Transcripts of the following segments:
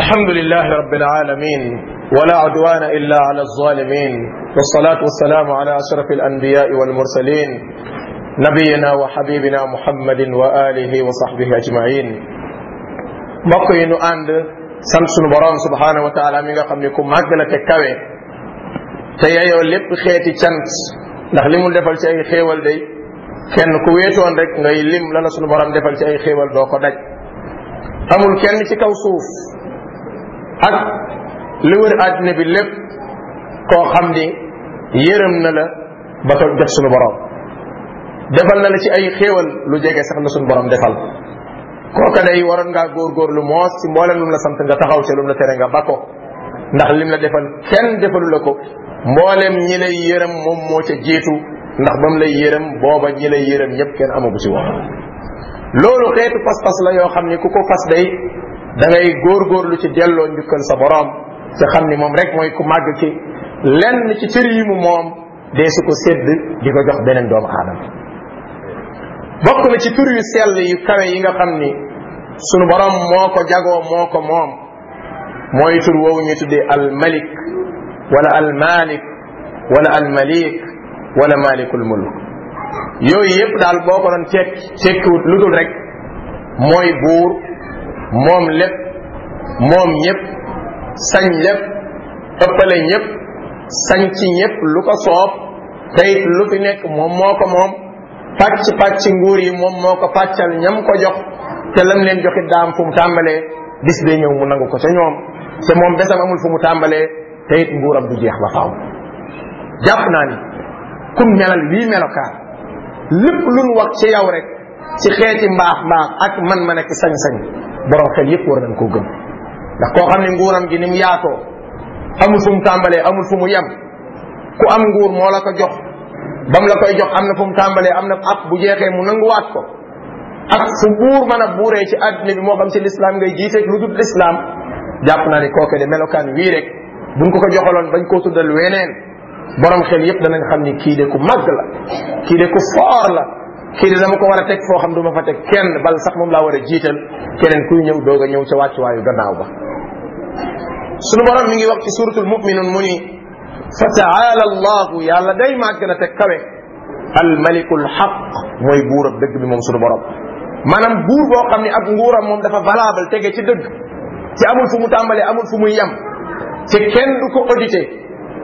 الحمد لله رب العالمين ولا عدوان إلا على الظالمين والصلاة والسلام على أشرف الأنبياء والمرسلين نبينا وحبيبنا محمد وآله وصحبه أجمعين مكوين أند سمسون برام سبحانه وتعالى من قام يكون مجلة كوي تيايو لب خيتي تشانس ndax li mu defal ci ay xéewal day kenn ku weetoon rek ngay lim la la sunu borom defal ci ay xéewal doo ko daj amul kenn ci kaw suuf ak li wër àddina bi lépp koo xam ni yërëm na la ba ko jot suñu borom defal na la ci ay xéewal lu jege sax la suñu borom defal kooka day waroon ngaa góorgóorlu moos ci mbooleem lu mu la sant nga taxaw ci lu mu la tere nga ba ndax lim la defal kenn defalu la ko mboolem ñi lay yërëm moom moo ca jiitu ndax ba lay yërëm booba ñi lay yërëm ñëpp kenn amagu ci woon loolu xeetu pas-pas la yoo xam ni ku ko fas day da ngay lu ci delloo njukkal sa borom te xam ni moom rek mooy ku màgg ki lenn ci cër yi mu moom dee su ko sédd di ko jox beneen doom aadama bokk na ci tur yu sell yu kawe yi nga xam ni sunu borom moo ko jagoo moo ko moom mooy tur woowu ñu tuddee al malik wala al malik wala malik wala malikul mulk yooyu yëpp daal boo ko doon tekki tekkiwut lu dul rek mooy buur moom lépp moom ñépp sañ lépp ëppale ñépp sañ ci ñépp lu ko soob te lu fi nekk moom mooko ko moom pàcc pàcc nguur yi moom moo ko pàccal ñam ko jox te lam leen joxit daam fu mu tàmbalee bis day ñëw mu nangu ko ca ñoom te moom besam amul fu mu tàmbalee te it nguuram du jeex ba faaw jàpp naa ni kum melal lii melokaan lépp luñ wax ci yow rek ci xeeti mbaax mbaax ak man ma nekk sañ-sañ borom xel yëpp war nañ koo gëm ndax koo xam ne nguuram gi ni mu yaatoo amul fu mu tàmbalee amul fu mu yem ku am nguur moo la ko jox bam la koy jox am na fu mu tàmbalee am na ab bu jeexee mu nanguwaat ko ak fu buur mën a buure ci àddina bi moo xam ci lislaam ngay jiiteeg lu dul lislaam jàpp naa ne kooke de melokaan wii rek buñ ko ko joxaloon bañ koo lu weneen borom xel yëpp danañ xam ni kii de ku màgg la kii de ku foor la kii de dama ko war a teg foo xam du ma fa teg kenn bal sax moom laa war a jiital keneen kuy ñëw doog a ñëw ca wàccuwaayu gannaaw ba sunu borom mi ngi wax ci suratul muminun mu ni fa taala allahu yàlla day màgg na te kawe al malikul xaq mooy buur ab dëgg bi moom sunu borom maanaam guur boo xam ne ak nguuram moom dafa valable tege ci dëgg ci amul fu mu tàmbalee amul fu muy yem ci kenn du ko audité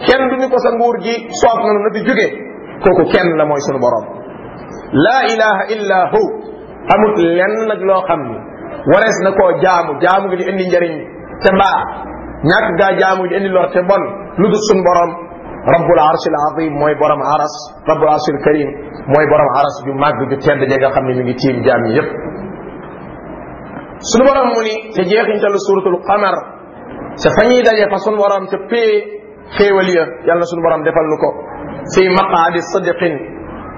kenn du ñu ko sa nguur gi soof na lu na fi jógee kooku kenn la mooy sunu borom la ilaha illa hu amut lenn nag loo xam ni warees na ko jaamu jaamu gi di indi njëriñ te mbaa ñàkk jaamu di indi lor te bon lu dul sun borom rabbul arshil azim mooy borom aras rabbul arshil mooy borom aras ju màgg ju tedd ja nga xam ne mi ngi tiim jaam yi yépp sunu borom mu ni ca jeexintalu suratul qamar ca fa daje fa sunu borom ca pee xéewal ya yàlla na sunu borom defal nu ko fi maqaadi sidqin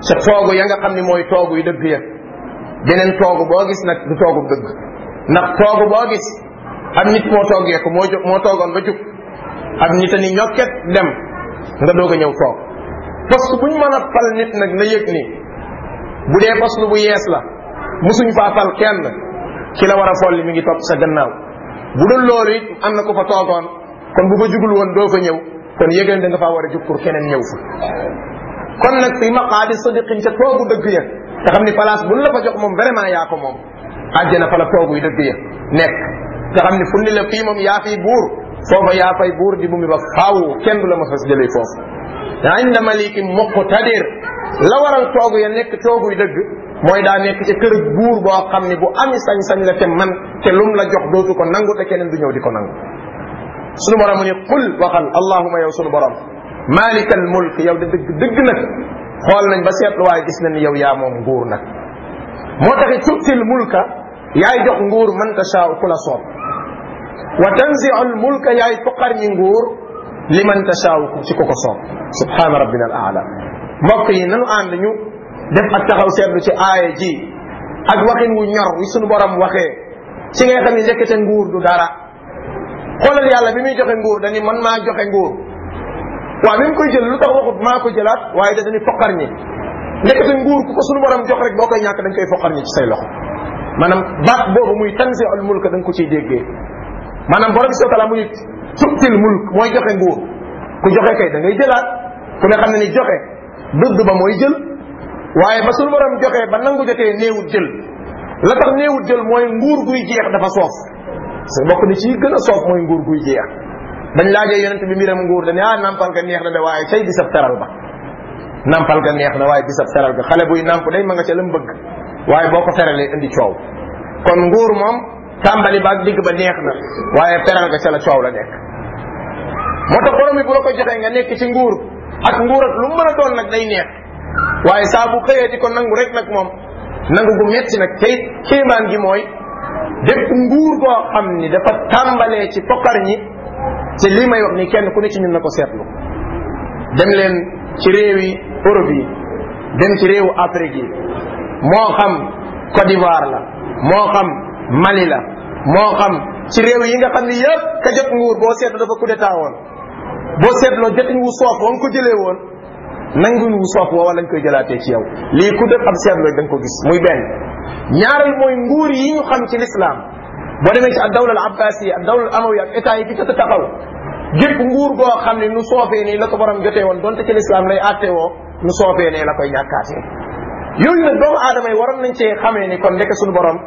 sa toogu ya nga xam ni mooy toogu yu dëgg ya beneen toogu boo gis nag du toogu dëgg ndax toogu boo gis am nit moo toogee ko moo moo toogoon ba jug am nit ni ñokket dem nga doog a ñëw toog parce que buñ mën a fal nag na yëg ni bu dee poslu bu yees la musuñ faa fal kenn ki la war a folli mi ngi topp sa gannaaw bu dul loolu it am na ku fa toogoon kon bu fa jugul woon doo fa ñëw kon yëgal da nga faa war a jug pour keneen ñëw fa kon nag fii maqaadi sadiqin ca toogu dëgg ya nga xam ni place bu la fa jox moom vraiment yaa ko moom àjjana fa la toogu yi dëgg ya nekk nga xam ni fu ni la fii moom yaa fiy buur foofa yaa buur di bu mi ba faaw kenn du la ma fas jëlee a inda malikin muqtadir la waral toogu ya nekk toogu yi dëgg mooy daa nekk ca kër buur boo xam ni bu ami sañ-sañ la te man te lum la jox dootu ko nangu te keneen du ñëw di ko nangu sunu borom mu ni qul waxal allahuma yow sunu borom maalikal mulk yow de dëgg dëgg nag xool nañ ba seetlu waaye gis nañ ni yow yaa moom nguur nag moo taxit tuutil mulka yaay jox nguur man tashaaw ku la soob wa tanziul mulka yaay foqar ñi nguur li man tashaaw ci si koko soob subhaana rabbina al aala mbokk yi nanu ànd ñu def ak taxaw seetlu ci aaya ji ak waxin wu ñor wi sunu borom si ci ngay xam ne njëkkate nguur du dara xoolal yàlla bi muy joxe nguur dañu man maa joxe nguur waaw bi mu koy jël lu tax waxut maa ko jëlaat waaye da dañuy foqar ñi nekkate nguur ku ko sunu borom jox rek boo koy ñàkk dañ koy foqar ñi ci say loxo maanaam baat boobu muy tansi al mulk da nga ko ciy déggee maanaam borom subhanahu wa taala muy tuutil mulk mooy joxe nguur ku joxe kay da ngay jëlaat ku ne xam ne ni joxe dudd ba mooy jël waaye ba sunu borom joxe ba nangu joxee néewut jël la tax néewut jël mooy nguur guy jeex dafa soof parce que bokk ni ci gën a soof mooy nguur guy jeex bañ laajee yonent bi mbiram nguur dañ ah nampal ga neex na de waaye say teral ba nampal ga neex na waaye bisab teral ga xale buy namp day ma la mu bëgg waaye boo ko teralee indi coow kon nguur moom tàmbali ba ak digg neex na waaye teral ga ca la coow la nekk moo ko joxee nga nekk ci nguur ak nguur lu mu mën day neex waaye saa bu xëyee di ko nangu rek nag moom nangu gu met metti nag tey kéemaan gi mooy bépp nguur goo xam ni dafa tàmbalee ci pokkar ñi te lii may wax ni kenn ku ne ci ñun na ko seetlu dem leen ci réewi Europe yi dem ci réewu Afrique yi moo xam Côte d'Ivoire la moo xam Mali la moo xam ci réew yi nga xam ni yëpp ka jot nguur boo seetlu dafa coup woon boo seetloo jotin wu soof wa nga ko jëlee woon nanguñ wu soof woo wala lañ koy jëlaatee ci yow lii ku def ab seetlu da ko gis muy benn ñaareel mooy nguur yi ñu xam ci lislaam boo demee ci ak dawla al abbasi yi ak dawla amawi ak état yi fi tëdd taxaw gépp nguur goo xam ne nu soofee nii la ko borom jotee woon donte ci lislaam lay àttewoo nu soofee ne la koy ñàkkaatee yooyu nag doomu aadama yi waroon nañ cee xamee ni kon ndeke suñu borom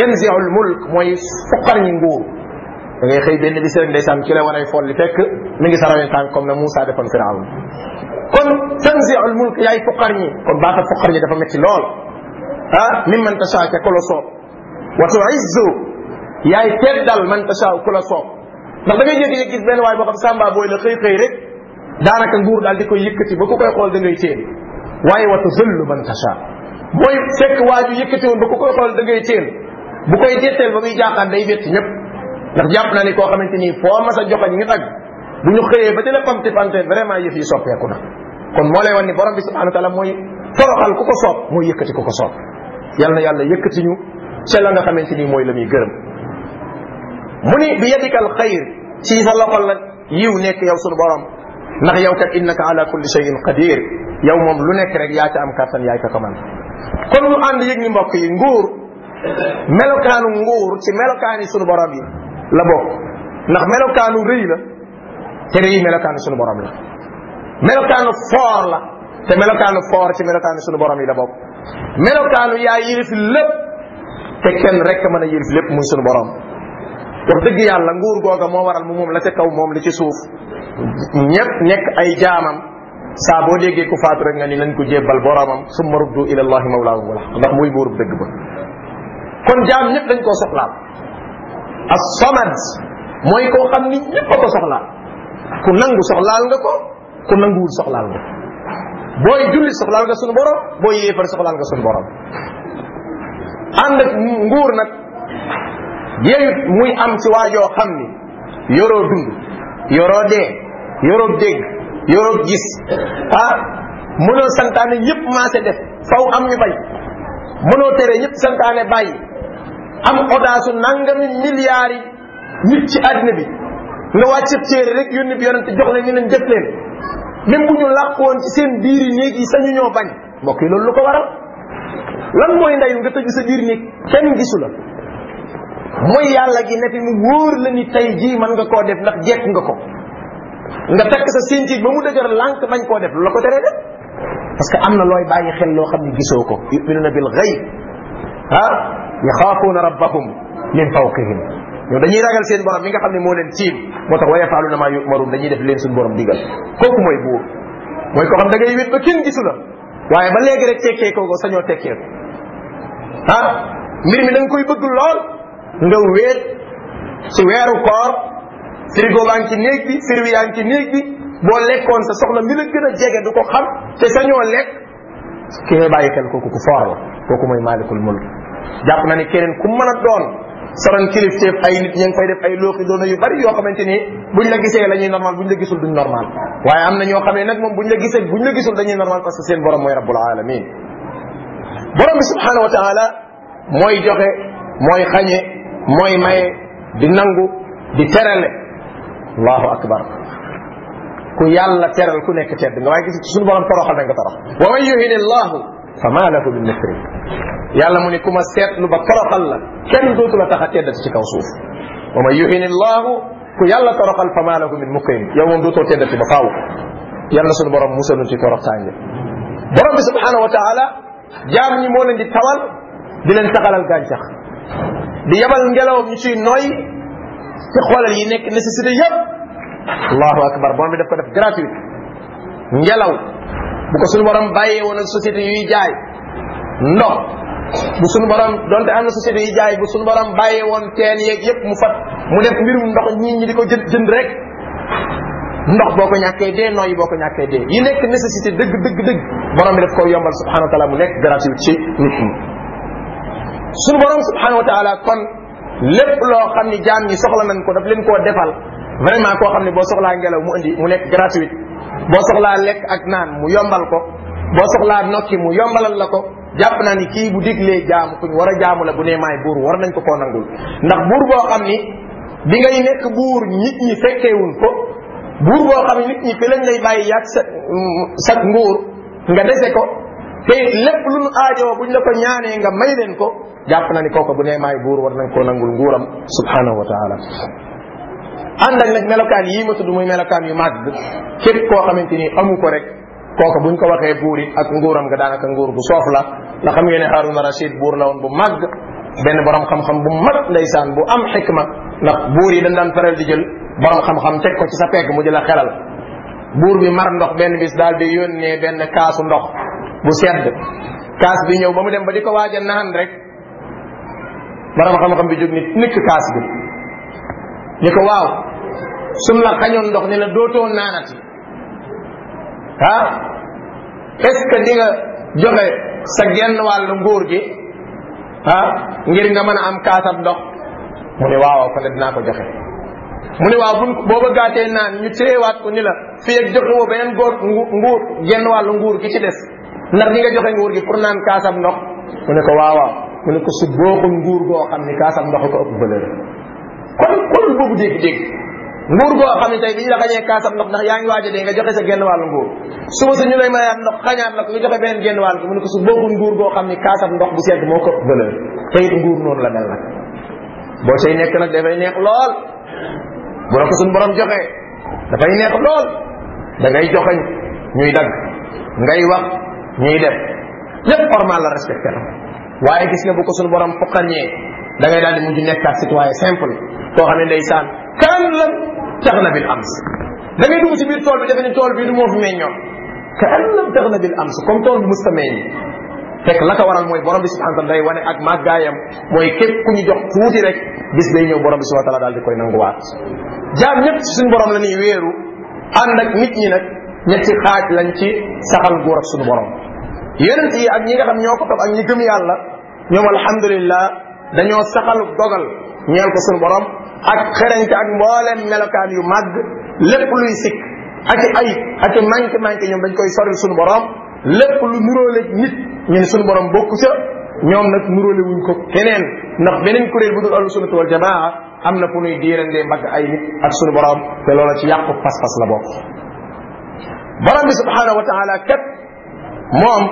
yanziul mulk mooy fuqar ñi nguur da ngay xëy benn bis rek ndeysaan ci la war ay folli fekk mi ngi sarawee tànk comme na Moussa defoon Firawn kon tanziul mulk yaay fuqar ñi kon baata fuqar ñi dafa métti lool ah mimman tashaa ca koloso wa tuizzu yaay teddal man tasaaw ku a soob ndax da ngay jékki-jékki gis benn waay boo xam sàmba booy la xëy xëy daanaka nguur daal di koy yëkkati ba ku koy xool da ngay téen waaye watu zëllu man tasaaw booy fekk waa ju yëkkati woon ba ko koy xool da ngay téen bu koy jetteel ba muy jaaxaan day bett ñëpp ndax jàpp na ni koo xamante nii foo mas a joxañ ñu tag bu ñu xëyee ba di la pamti pamte vraiment yëf yi soppeeku na kon moo lay wan ni borom bi subhanahu wa taala mooy toroxal ku ko soob mooy yëkkati ku ko ko soob yal na yàlla yëkkati ñu ca la nga xamante nii mooy la muy gërëm mu ni bi yadikal xayr ci sa loxol la yiw nekk yow sunu borom ndax yow kat innaka ala kulli shay'in qadir yow moom lu nekk rek yaa ca am kattan yaay ka ko man kon ñu ànd yëg ni mbokk yi nguur melokaanu nguur ci melokaani sunu borom yi la bokk ndax melokaanu rëy la te rëy melokaanu sunu borom yi melokaanu foor la te melokaanu foor ci melokaanu sunu borom yi la bokk melokaanu yaa yilif lépp te kenn rek mën a yilif lépp muy sunu borom wax dëgg yàlla nguur googa moo waral mu moom la ca kaw moom la ci suuf ñépp nekk ay jaamam saa boo déggee ku faatu rek nga ni nañ ko jébbal boromam summa ruddu ila allahi mawlaahum wala ndax muy buurub dëgg ba kon jaam ñépp dañ koo soxlaal as-samad mooy koo xam ni ñépp a ko soxlaal ku nangu soxlaal nga ko ku nanguwul soxlaal nga booy julli soxlaal nga sunu borom booy yéefar soxlaal nga sunu borom ànd ak nguur nag yeyut muy am ci waa xam ni yoroo dund yoroo dee yoroo dégg yoroo gis ah mënoo santaane ñëpp maase def faw am ñu bañ mënoo tere ñëpp santaane bàyyi am odaasu nangami milliards yi nit ci àddina bi nga wàcce téere rek yónni bi yonente jox leen ñu leen def leen même bu ñu làqoon ci seen biir yi néeg sañu ñoo bañ mbokk yi loolu lu ko waral lan mooy ndayu nga tëju sa biir néeg kenn gisu la mooy yàlla gi ne fi mu wóor la ni tey jii man nga koo def ndax jekk nga ko nga takk sa sintiit ba mu dëgër lànk bañ koo def lu la ko teree def parce que am na looy bàyyi xel loo xam ne gisoo ko yuminuna na gayb ah yaxaafuuna rabbahum min fawqihim ñoom dañuy ragal seen borom mi nga xam ne moo leen tiim moo tax wa yafaaluna maa yumaruun dañuy def leen suñu borom digal kooku mooy buur mooy koo xam da ngay wét ba kenn gisu la waaye ba léegi rek tekkee kooku sañoo tekkee ko ah mbir mi da koy bëgg lool nga wéet ci weeru koor frigo baa ngi ci néeg bi sirwi yaa ngi ci néeg bi boo lekkoon sa soxla mi la gën a jege du ko xam te sañoo lekk ki ngay bàyyi xel ko ku foor la kooku mooy maalikul mulk jàpp na ne keneen ku mën a doon soron kilifteef ay nit ña ngi fay def ay looxi doona yu bari yoo xamante ni buñ la gisee la ñuy bu buñ la gisul duñ normal waaye am na ñoo xam ne nag moom bu ñu la gisee buñ la gisul dañuy normal parce que seen borom mooy rabbul alamin borom bi subhanahu wa joxe mooy xañe mooy maye di nangu di terale allahu akbar ku yàlla teral ku nekk tedd nga waaye gis suñu borom toroxal na nga torox wa man yuhini llahu fa maa lahu min yàlla mu ne ku ma lu ba toroxal la kenn dootu la tax a teddati ci kaw suuf wa man yuhini llahu ku yàlla toroxal fa maa lahu min mukrim yow moom dootoo teddati ba faaw yàlla suñu borom musal ci toroxtaange borom bi subhanahu wa taala jaam ñi moo leen di tawal di leen saxalal gàncax di yabal ngelaw ñu ciy noy te xoolal yi nekk nécessité yëpp allahu akbar borom bi daf ko def gratuit ngelaw bu ko suñu borom bàyyee woon ak société yuy jaay ndox bu suñu borom donte am na société yuy jaay bu suñu borom bàyyee woon teen yëpp mu fat mu nekk mbirum ndox ñii ñi di ko jënd jënd rek ndox boo ko ñàkkee dee nooyi boo ko ñàkkee dee yi nekk nécessité dëgg dëgg dëgg borom bi daf ko yombal subhanahu wa mu nekk gratuit ci suñu borom subhanahu kon lépp loo xam ni jaam ñi soxla nañ ko daf leen ko defal vraiment koo xam ne boo soxlaa ngelaw mu indi mu nekk gratuit boo soxlaa lekk ak naan mu yombal ko boo soxlaa nokki mu yombalal la ko jàpp naa ni kii bu diglee jaamu kuñ war a jaamu la bu nee maay buur war nañ ko koo nangul ndax buur boo xam ni bi ngay nekk buur nit ñi fekkeewuñ ko buur boo xam ni nit ñi fi lay bàyyi yàgg sa sa nguur nga dese ko te lépp lu nu aajoo buñ la ko ñaanee nga may leen ko jàpp na ni kooku bu nee maay buur war nañ koo nangul nguuram subhanahu wa taala ànd ak nag melokaan yii ma tudd muy melokaan yu màgg képp koo xamante ni amu ko rek kooku buñ ko waxee buur it ak nguuram nga daanaka nguur gu soof la ndax xam ngeen ne Haruna Rashid buur la woon bu màgg benn borom xam-xam bu mag ndeysaan bu am xikma ndax buur yi dañ daan faral di jël borom xam-xam teg ko ci sa pegg mu jël a xelal buur bi mar ndox benn bis daal di yónnee benn kaasu ndox bu sedd kaas bi ñëw ba dem ba di ko waaj a rek borom xam-xam bi jóg ni nikk kaas bi ni ko waaw sum la xañoon ndox ni la dootoo naanati ah est-ce joxe sa genn wàllu nguur gi ah ngir nga mën a am kaasam ndox mu ni waaw ko ne dinaa ko joxe mu ni waaw buñ boo bëggaatee naan ñu téyewaat ko ni la fii ak joxe woo beneen góor nguur genn wàllu nguur gi ci des ndax di nga joxe nguur gi pour naan kaasam ndox mu ne ko waaw waaw mu ne ko su booxul nguur goo xam ni kaasam ndox ko ëpp valeur kon kon boobu dégg-dégg nguur goo xam ne tey bi ñu la xañee kaasam ndox ndax yaa ngi waaj a dee nga joxe sa genn wàllu nguur suba sa ñu lay mayaat ndox xañaat la genn wàll ko mu ne ko su booxul nguur goo xam ni kaasam ndox bu sedd moo ko ëpp valeur te it nguur noonu la mel nag boo say nekk nag dafay neex lool bu la ko suñu borom joxe dafay neex lool da ngay joxañ ñuy dagg ngay wax ñuy def lépp formal la respecté la waaye gis nga bu ko suñu borom foqarñee da ngay daal di mujj nekkaat citoyen simple koo xam ne saan kaan la tax na bil ams da ngay dugg ci biir tool bi defe ni tool bii du moo fi meññoon kaan la tax na bil ams comme tool bi musta meññ fekk la ko waral mooy borom bi subhanahu wa day wane ak màggaayam mooy képp ku ñu jox tuuti rek bis day ñëw borom bi subhanahu wa taala daal di koy nanguwaat jaam ñëpp suñu borom la ñuy weeru ànd ak nit ñi nag ñetti xaaj lañ ci saxal góor suñu borom yonent ak ñi xam ñoo ko topp ak ñi gëm yàlla ñoom alhamdulillah dañoo saxalu dogal ñeel ko suñu borom ak xerañte ak mboolem melokaan yu màgg lépp luy sikk ak i ayib ak i manqué manqué ñoom dañ koy soril suñu borom lépp lu nuróole nit ñu ne suñu borom bokku ca ñoom nag nuróole wuñ ko keneen ndax beneen kuréel bu dul ahlu sunnat wal am na fu nuy diirandee mbagg ay nit ak suñu borom te loola ci yàqu pas-pas la bokk borom bi subhanahu wa moom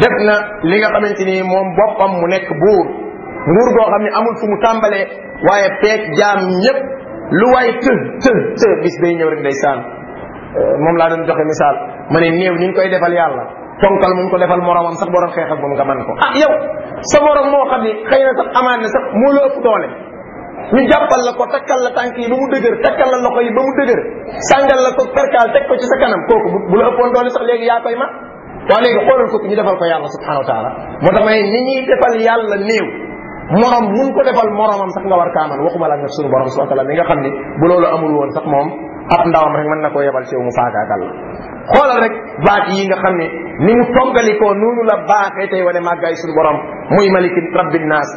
def na li nga xamante ni moom boppam mu nekk buur nguur goo xam ne amul fu mu tàmbalee waaye peeg jaam ñëpp lu waay të të të bis day ñëw rek day saan euh, moom laa doon joxe misaal ma ne néew ni ñu koy defal yàlla fonkal mu ko defal moromam sax boo doon xeex ak moom nga man ko ah yow sa morom moo xam ne xëy na sax amaan na sax moo la ëpp doole ñu jàppal la ko takkal la tànk yi ba mu dëgër takkal la loxo yi ba mu dëgër sàngal la ko perkaal teg ko ci sa kanam waa léegi ko ñu defal ko yàlla subhanahu wa taala moo tax ma ne ni ñuy defal yàlla néew morom mun ko defal moromam sax nga war kaaman waxuma la nga suñu borom subhanahu wa taala mi nga xam ni bu loolu amul woon sax moom ab ndawam rek man na koo yebal ci mu faagaagal la xoolal rek baat yi nga xam ne ni mu tongalikoo noonu la baaxee tey wane màggaay suñu borom muy maliki rabbi nnaas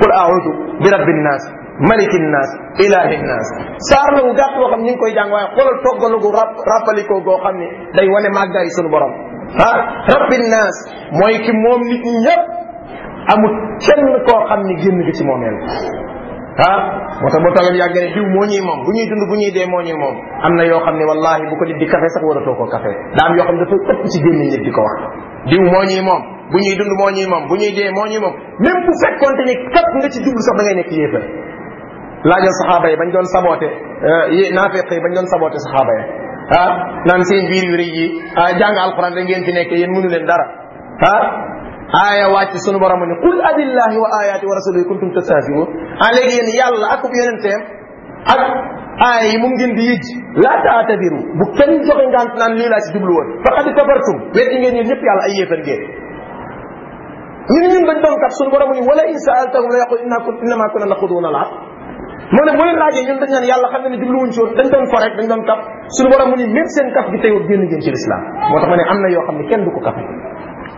qul audu bi rabbi nnaas maliki nnaas ilahi nnaas saar la wu gàtt boo xam ni ngi koy jàng waaye xoolal toggalugu rappalikoo goo xam ne day wane màggaay suñu borom ah rabbin naas mooy ki moom nit ñi ñëpp amul kenn koo xam ni génn nga ci moomeel ah moo tax boo toogee yàgg ne diw moo ñuy moom bu ñuy dund bu ñuy dee moo ñuy moom am na yoo xam ne wallahi bu ko nit di kafee sax waratoo ko café daa am yoo xam ne dafa ëpp ci génn nit di ko wax diw moo ñuy moom bu ñuy dund moo ñuy moom bu ñuy dee moo ñuy moom même bu fekkonte ni kat nga ci jublu sax dangay ngay nekk yéefar laajal saxaaba yi bañ doon saboote euh, yi naafeq yi bañ doon saboote saxaaba yi ah naan seen biir yu rëy yi ah jàng alquran da ngeen fi nekk yéen mënu leen dara ah aaya wàcc sunu borom ne qul abillahi wa ayati wa rasulihi kuntum tastahzi'un ah léegi yéen yàlla ak ub yonenteem ak aaya yi moom ngeen di yëj laa taatabiru bu kenn joxe ngant naan lii laa ci jublu woon faqad kafartum weddi ngeen yéen ñëpp yàlla ay yéefar ngeen ñun ñun bañ doon kat sunu borom ne wala in sa'altahum la yaqul inna kunna innama kunna naxudu wa nal'ab moo ne bu leen laajee ñun dañ naan yàlla xam ne ne jubluwuñ ci woon dañ doon doon kaf suñu borom mu ni même seen kaf gi teyoo génn ngeen ci lislaam moo tax ma ne am na yoo xam ne kenn du ko kaf am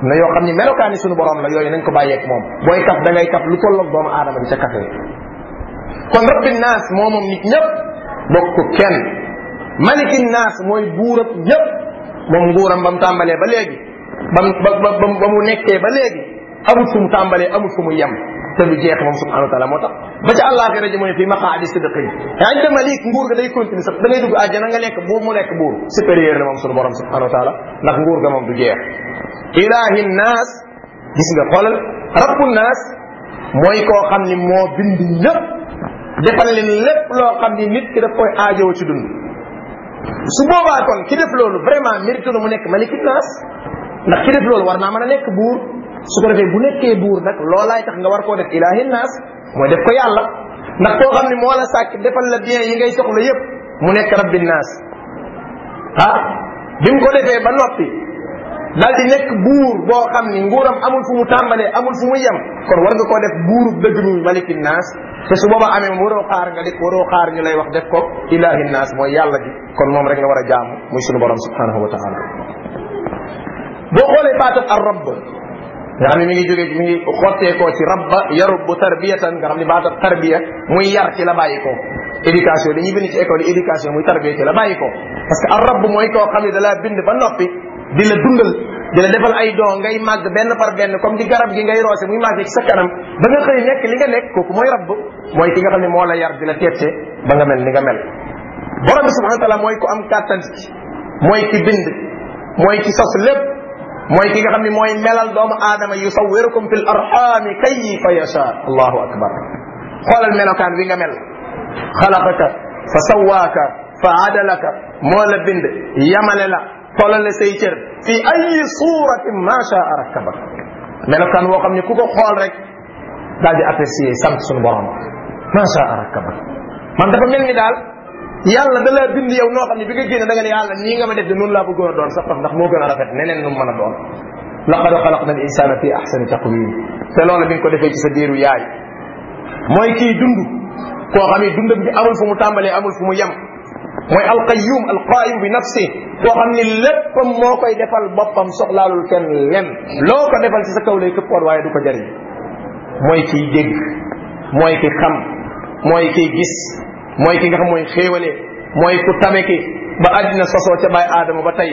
na yoo xam ne melokaani suñu borom la yooy nañ ko bàyyeeg moom booy kaf da ngay kaf lu tolloog doomu aadama di ca kafee kon rabbi naas moo moom nit ñëpp bokk kenn maliki naas mooy buurab ñëpp moom nguuram ba mu tàmbalee ba léegi ba mu ba mu nekkee ba léegi amul fu mu tàmbalee amul fu mu yem te lu jeex moom subhanahu wa moo tax ba ca àllaaxira ji mooy fii maqaadi sidqin inda malik nguur ga day continuer sax da ngay dugg àjjana nga lekk buur mu lekk buur supérieur moom sunu borom subhanahu wa taala ndax nguur ga moom gis nga xoolal rabbu naas mooy koo xam ni moo bind lépp loo xam ni nit ki daf koy dund su boobaa kon ki def loolu vraiment mérite mu nekk malikin naas loolu war naa mën a nekk buur su ko bu nekkee buur nag loolaay tax nga war koo def ilaahi naas mooy def ko yàlla ndax koo xam ne moo la sàkk defal la bien yi ngay soxla yépp mu nekk rabbi naas ah bi ko defee ba noppi daal di nekk buur boo xam ni nguuram amul fu mu tàmbalee amul fu mu yem kon war nga koo def buuru dëgg muy maliki naas te su booba amee moom waroo xaar nga xaar ñu lay wax def ko ilaahi naas mooy yàlla bi kon moom rek la war a jaamu muy sunu borom subhanahu wa taala boo nga xam ne mi ngi jógee mi ngi xotteekoo ci rabba yarubbu tarbiyatan nga xam ne baata tarbiya muy yar ci la bàyyi ko éducation dañuy bind ci école éducation muy tarbiya ci la bàyyi ko parce que ar rabb mooy koo xam ne dalaa bind ba noppi di la dundal di la defal ay don ngay màgg benn par benn comme di garab gi ngay roose muy màgg ci sa kanam ba nga xëy nekk li nga nekk kooku mooy rabb mooy ki nga xam ne moo la yar di la teete ba nga mel ni nga mel borom bi subhanahu wa taala mooy ku am kàttan mooy ki bind mooy ki sos lépp mooy ki nga xam ne mooy melal doomu aadama yusawirukum fil arhami kayfa yasha allahu akbar xoolal melokaan wi nga mel xalaqaka fa sawaaka fa adalaka moo la bind yamale la tolale say cër fi ay suratin ma shaa rakkabak melokaan woo xam ne ku ko xool rek daal di apprécier sant suñu borom ma shaa rakkabak man dafa mel ni daal yàlla da laa bind yow noo xam ne bi nga génne da nga ne yàlla nii nga ma def de noonu laa bëggoon a doon sax ndax moo gën a rafet neneen nu mu mën a doon laqad xalaqna al insana fi ahsani taqwim te loolu bi nga ko defee ci sa diiru yaay mooy kii dund koo xam ne dundam bi amul fu mu tàmbalee amul fu mu yem mooy al alqayyum alqaayim bi nafsi koo xam ne léppam moo koy defal boppam soxlaalul kenn lenn loo defal ci sa kaw lay këppoon waaye du ko jëriñ mooy ki dégg mooy ki xam mooy kiy gis mooy ki nga xam mooy xéewalee mooy ku tame ki ba àddina sosoo ca bàyyi aadama ba tey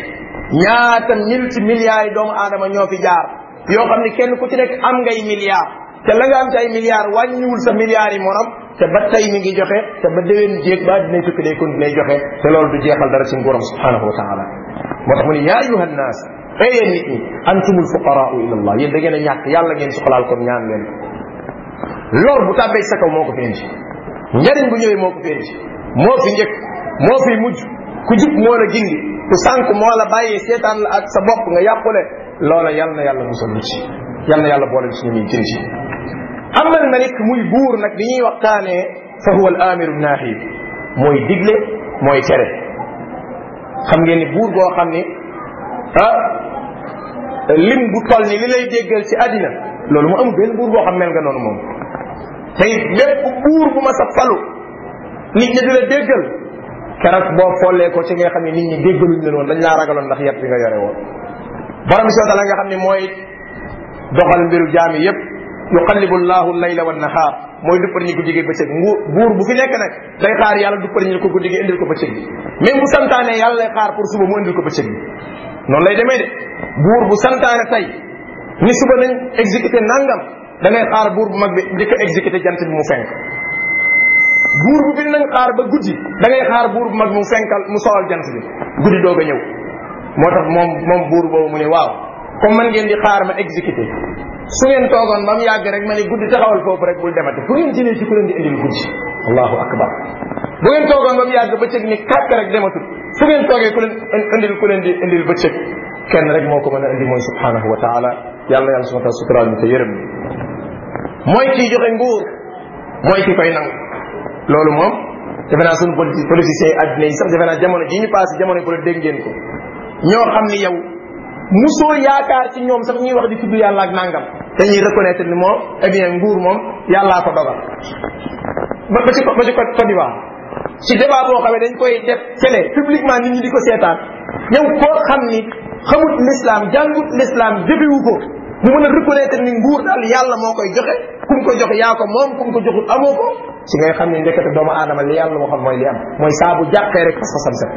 ñaata mil ci milliards yi doomu aadama ñoo fi jaar yoo xam ne kenn ku ci nekk am ngay milliards te la nga am ci ay milliards wàññiwul sa milliards yi morom te ba tey mi ngi joxe te ba déwén jéeg ba àddina tukki day continuer joxe te lool du jeexal dara ci nguuram subhanahu wa taala moo tax mu ne yaa ayuha nnaas ay yéen nit ñi antumul fuqaraau ila allah yéen da ngeen a ñàkk yàlla ngeen soxlaal kon ñaan leen lor bu tàbbee sa kaw moo ko fi njariñ bu ñëwee moo ko féndi moo fi njëkk moo fi mujj ku jub moo la gindi ku sànq moo la bàyyi seetaan la ak sa bopp nga yàqule loola yal na yàlla musal ñu ci yal na yàlla boole ci ñu muy gindi amal malik muy buur nag li ñuy waxtaanee fa huwa al amiru naahi mooy digle mooy tere xam ngeen ni buur goo xam ni ah lim bu toll ni li lay déggal ci àddina loolu moo am benn buur boo xam mel ga noonu moom te it bépp buur bu ma sa falu nit ñi di la déggal keroog boo follee ko ci xam ne nit ñi déggaluñ leen woon dañ laa ragaloon ndax yàpp bi nga yore woon borom bi subhanahu wa la nga xam ne mooy doxal mbiru jaam yi yépp yuqallibu llahu layla wa nahaar mooy duppar ñi guddi gi bëccëg nguur buur bu fi nekk nag day xaar yàlla duppar ñi ko guddi gi indil ko bëccëg bi même bu santaane yàlla lay xaar pour suba mu indil ko bëccëg bi noonu lay demee de buur bu santaane tey ni suba nañ exécuté nangam da ngay xaar buur bu mag bi di ko exécuté jant bi mu fenk buur bu bi nañ xaar ba guddi da ngay xaar buur bu mag mu fenkal mu solal jant bi guddi doog a ñëw moo tax moom moom buur boo mu ne waaw kon man ngeen di xaar ma exécuté su ngeen toogoon ba mu yàgg rek ma ne guddi taxawal foofu rek bul demati fu ngeen jëlee ci ku leen di indil guddi allahu akbar bu ngeen toogoon ba mu yàgg bëccëg ni kàkk rek dematul fu ngeen toogee ku leen indil ku leen di indil bëccëg kenn rek moo ko mën a indi mooy subhanahu wa taala yàlla yàlla subhanahu wa taala suturaal ñu te yërëm mooy kiy joxe nguur mooy ki koy nangu loolu moom defe naa suñu politi politiciens yi adduna yi sax defe naa jamono ji ñu passé jamono ko la dégg ngeen ko ñoo xam ni yow musoo yaakaar ci ñoom sax ñuy wax di tudd yàlla ak nangam dañuy reconnaître ni moom eh bien nguur moom yàlla ko dogal ba ba ci ba si Côte d'Ivoire ci débat boo xamee dañ koy def télé publiquement nit ñi di ko seetaan yow koo xam ni xamut l'islam jàngut l'islam jëfewu ko mu mën a reconnaître ni nguur daal yàlla moo koy joxe ku ko jox yaa moom ku ko joxul amoo ko si ngay xam ne ndekete doomu aadama li yàlla moo mooy li am mooy saa bu jàqee rek parce que sam set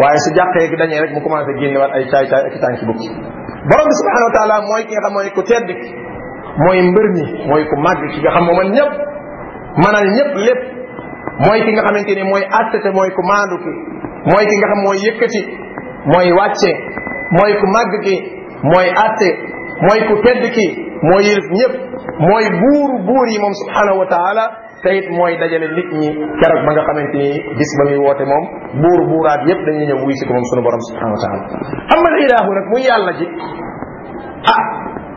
waaye su jàqee gi dañee rek mu commencé génnewaat ay caay caay ak tànki bukki borom bi mooy ki nga xam mooy ku tedd mooy mbër mi mooy ku màgg ki nga xam moo mën ñëpp mënal ñëpp lépp mooy ki nga xamante ni mooy àtte mooy ku maandu ki mooy ki nga xam mooy yëkkati mooy wàcce mooy ku màgg ki mooy àtte mooy ku tedd ki mooy yilif ñëpp mooy buur buur yi moom subhanahu wa taala te mooy dajale nit ñi keroog ba nga xamante ni bis ba muy woote moom buur buuraat yëpp dañuy ñëw wuy si ko moom sunu borom subhanahu wa taala am al ilaahu nag muy yàlla ji ah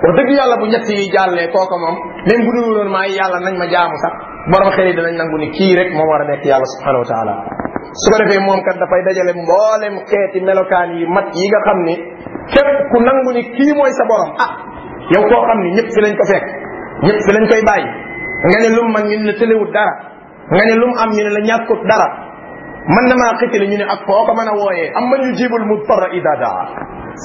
wax dëgg yàlla bu ñett yi jàllee kooka moom même bu dul woon maay yàlla nañ ma jaamu sax borom xel yi danañ nangu ni kii rek moo war a nekk yàlla subhanahu wa taala su ko defee moom kat dafay dajale mboolem xeeti melokaan yi mat yi nga xam ni képp ku nangu ni kii mooy sa borom ah yow koo xam ni ñëpp fi lañ ko fekk ñëpp fi lañ koy bàyyi nga ne lum man ñu ne la tëlewut dara nga ne lum am ñu ne la ñàkkut dara mën na maa xitali ñu ne ak foo ko mën a wooyee am man yu jibul mu parra ida daa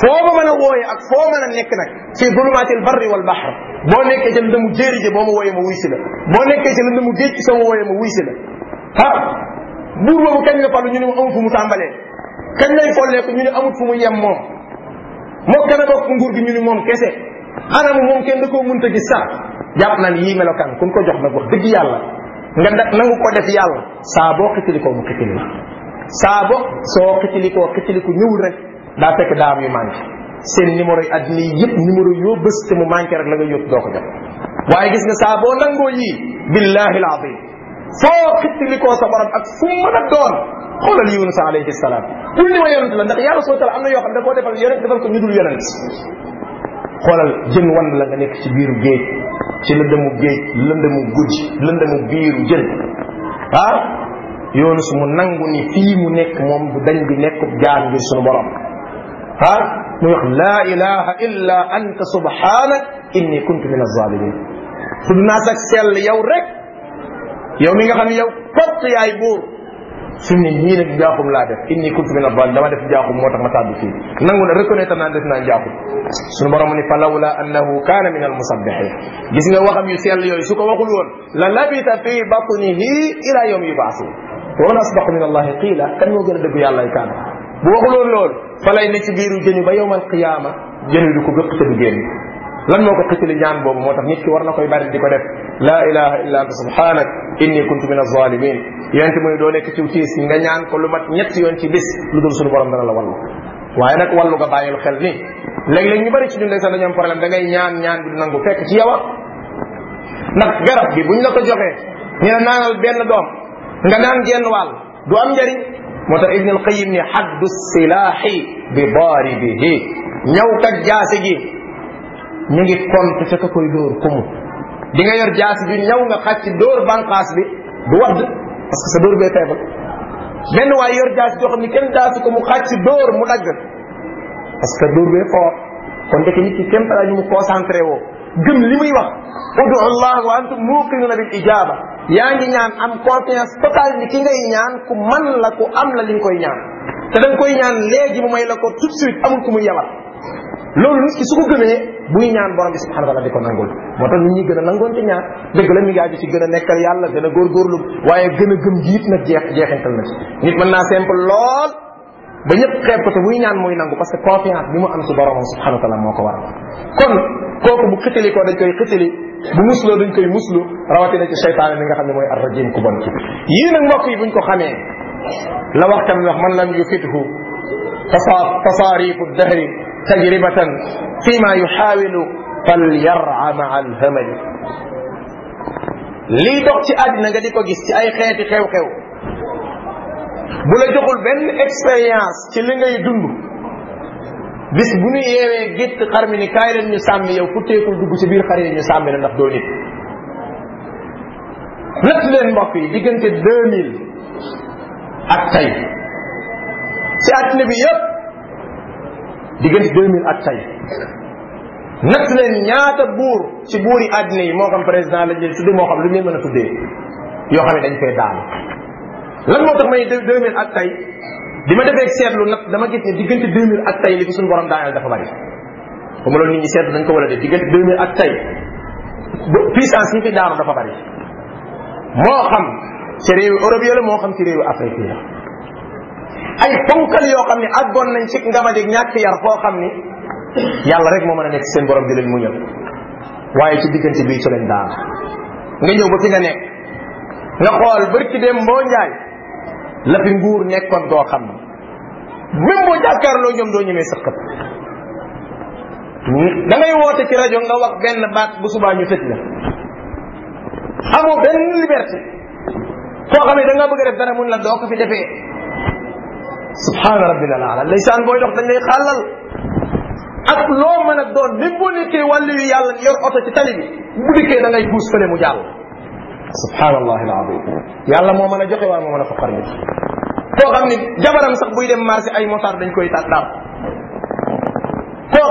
foo ko mën a wooyee ak foo mën a nekk nag fii dulumaatil barri wal bahr boo nekkee ca lëndëmu jéeri ji boo ma wooyee ma wuy la boo nekkee ca lëndëmu géej gi soo ma wooyee ma wuy la buur boobu kañ la falu ñu ne amul fu mu tàmbalee kañ lay folleeku ñu ne amul fu mu yem moom moo gën ko bokk nguur gi ñu ne moom kese ana anamu moom kenn da koo mënta sax jàpp na ni yii melokaan ku ko jox na wax dëgg yàlla nga nag nangu ko def yàlla saa boo koo mu xitili la saa bo soo xitilikoo xitiliku ñëwul rek daa fekk daa am yu seen numéro yi addina yi yëpp numéro bës te mu manqué rek la nga yóbbu doo ko jox waaye gis nga saaboo boo nangoo yii foo xittalikoo sa borom ak fu mu mën a doon xoolal Yunus alayhi salaam bul ni ma yonent la ndax yàlla subhanahu wa taala am na yoo xam da koo defal yonent defal ko ñu dul yonent xoolal jën wan la nga nekk ci biiru géej ci lëndëmu géej lëndëmu guddi lëndëmu biiru jën ah Yunus mu nangu ni fii mu nekk moom du dañ di nekk jaan ngir sunu borom ah muy wax laa ilaha illa anta subhanak inni kuntu min azalimin tudd naa sax sell yow rek yow mi nga xam ne yow fott yaay buur suñ ne ñii nag njaaxum laa def inni kuntu min adal dama def njaaxum moo tax ma tàbbi fii nangu na reconnaître naa def naa njaaxum suñu borom ni fa lawla annahu kaana min al musabbihin gis nga waxam yu sell yooyu su ko waxul woon la labita fi batnihi ila yawmi yubaasu wa man asdaqu min allahi qiila kan moo gën a dëgg yàlla ay kaan bu waxul woon loolu fa lay ne ci biiru jëñu ba yawmal qiyaama jëñu di ko gëpp te du génn lan moo ko xëccali ñaan boobu moo tax nit ki war na koy bari di ko def laa ilaha illa anta subhanak inni kuntu min azalimin yonent muy doo nekk ci tiis nga ñaan ko lu mat ñetti yoon ci bis lu dul suñu borom dana la wallu wa nag wallu nga bàyyil xel ni léeg-léeg ñu bari ci ñun sax dañu am problème da ngay ñaan ñaan bi du nangu fekk ci yow ndax garab bi buñ la ko joxee ñu ne naanal benn doom nga naan genn wàll du am njariñ moo tax ibn al qayim ni xaddu silaaxi bi baaribihi ñaw kat jaasi gi mi ngi compte ca ka koy dóor kumu di nga yor jaasi bi ñaw nga xàcc dóor banqaas bi du wadd parce que sa dóor bee faible benn waaye yor jaasi joo xam ni kenn daasu ko mu xàcc dóor mu dagg parce que dóor bee fort kon dëkk nit ki kenn balaa ñu mu concentré woo gëm li muy wax udu allah wa antum muqinuna bil ijaba yaa ngi ñaan am confiance totale ni ki ngay ñaan ku man la ku am la li nga koy ñaan te da nga koy ñaan léegi mu may la ko tout de suite amul ku muy yabal loolu nit ki su ko gëmee buy ñaan borom bi subhanahu wa taala di ko nangul moo tax nit ñi gën a nangoon te ñaan dëgg la mi ngi aju ci gën a nekkal yàlla gën a góorgóorlu waaye gën a gëm jiit nag jeex jeexintal na ci nit mën naa simple lool ba ñëpp xeeb ko te buy ñaan muy nangu parce que confiance bi mu am ci boromam subhanahu wa taala moo ko waral kon kooku bu xitali ko dañ koy xitali bu musloo dañ rawatina ci seytaane li nga xam ne mooy ar rajim ku bon ci yii nag mbokk yi buñ ko xamee la waxtam wax man lam yufithu tasaarifu tajribatan fi ma yuxaawilu falyara maa alhamali lii dox ci àddina nga di ko gis ci ay xeeti xew-xew bu la joxul benn expérience ci li ngay dund bis bu ñu yeewee gétt xar mi ni kaay leen ñu sàmmi yow ku teekul dugg ci biir xar yi ñu sàmmi la ndax doo nit natt leen mbokk yi diggante deux mille ak tey ci àddina bi yëpp diggante 2000 ak tey natt leen ñaata buur ci yi àddina yi moo xam président lañ leen tuddee moo xam lu ñu mën a tuddee yoo xam ne dañ fee daanu lan moo tax may 2000 ak tey bi ma defee seetlu nag dama gis ne diggante 2000 ak tey li fi suñu borom daaneel dafa bari ba ma loolu nit ñi seetlu dañ ko war a def diggante 2000 ak tey puissance yi fi daanu dafa bari moo xam ci réewu Europe yi la moo xam ci réewu Afrique yi la ay ponkal yoo xam ne àggoon nañ ci ngamajeeg ñàkk yar foo xam ni yàlla rek moo mën a nekk seen borom di leen mu muñal waaye ci diggante bii ci leen daan nga ñëw ba fi nga nekk nga xool barki dem mboo njaay la fi nguur nekkoon doo xam ne même boo jàkkaarloo ñoom doo ñemee sëqat da ngay woote ci rajo nga wax benn baat bu subaa ñu tëj la amoo benn liberté koo xam ne da nga bëgg a def dara mun la doo ko fi defee subhaana rabbil ala ndeysaan booy dox dañ lay xàllal ak loo mën a doon même boo nekkee wàllu yu yàlla yor oto ci tali bi bu dikkee da ngay puus fële mu jàll subhaanallahi alazim yàlla moo mën a joxe waaye moo mën a foqar nit koo xam ni jabaram sax buy dem marché ay motard dañ koy taat daal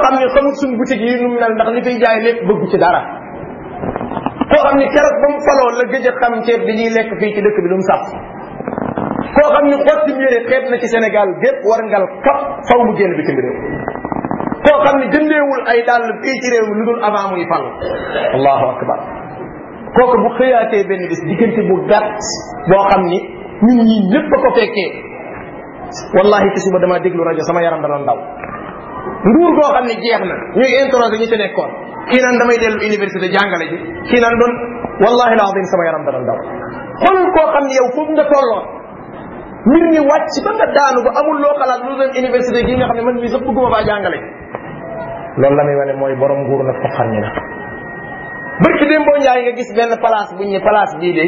xam ni xamul suñ boutique yi nu mu mel ndax li fiy jaay lépp bëggu ci dara koo am ni keroog ba mu la gëj a ceeb bi ñuy lekk fii ci dëkk bi lu mu sax koo xam ne xotti yére xeet na ci Sénégal gépp war ngal kap faw mu génn bitim réew koo xam ne jëndeewul ay dàll fii ci réew mi lu dul avant muy fal allahu akbar kooku bu xëyaatee benn bis diggante bu gàtt boo xam ni ñun ñii ñëpp a ko fekkee wallahi ci suba damaa déglu rajo sama yaram dana ndaw nduur goo xam ne jeex na ñuy interroger ñu ci nekkoon kii naan damay dellu université jàngale ji kii naan doon wallahi la azim sama yaram dana ndaw xool koo xam ne mbir mi wàcc ba nga daanu ba amul loo xalaat lu doon université gi nga ne man mii sax bëgguma faa jàngale loolu la muy wane mooy borom nguur na ko xam ni la bërki démboo njaay nga gis benn palaas buñ ne place bii de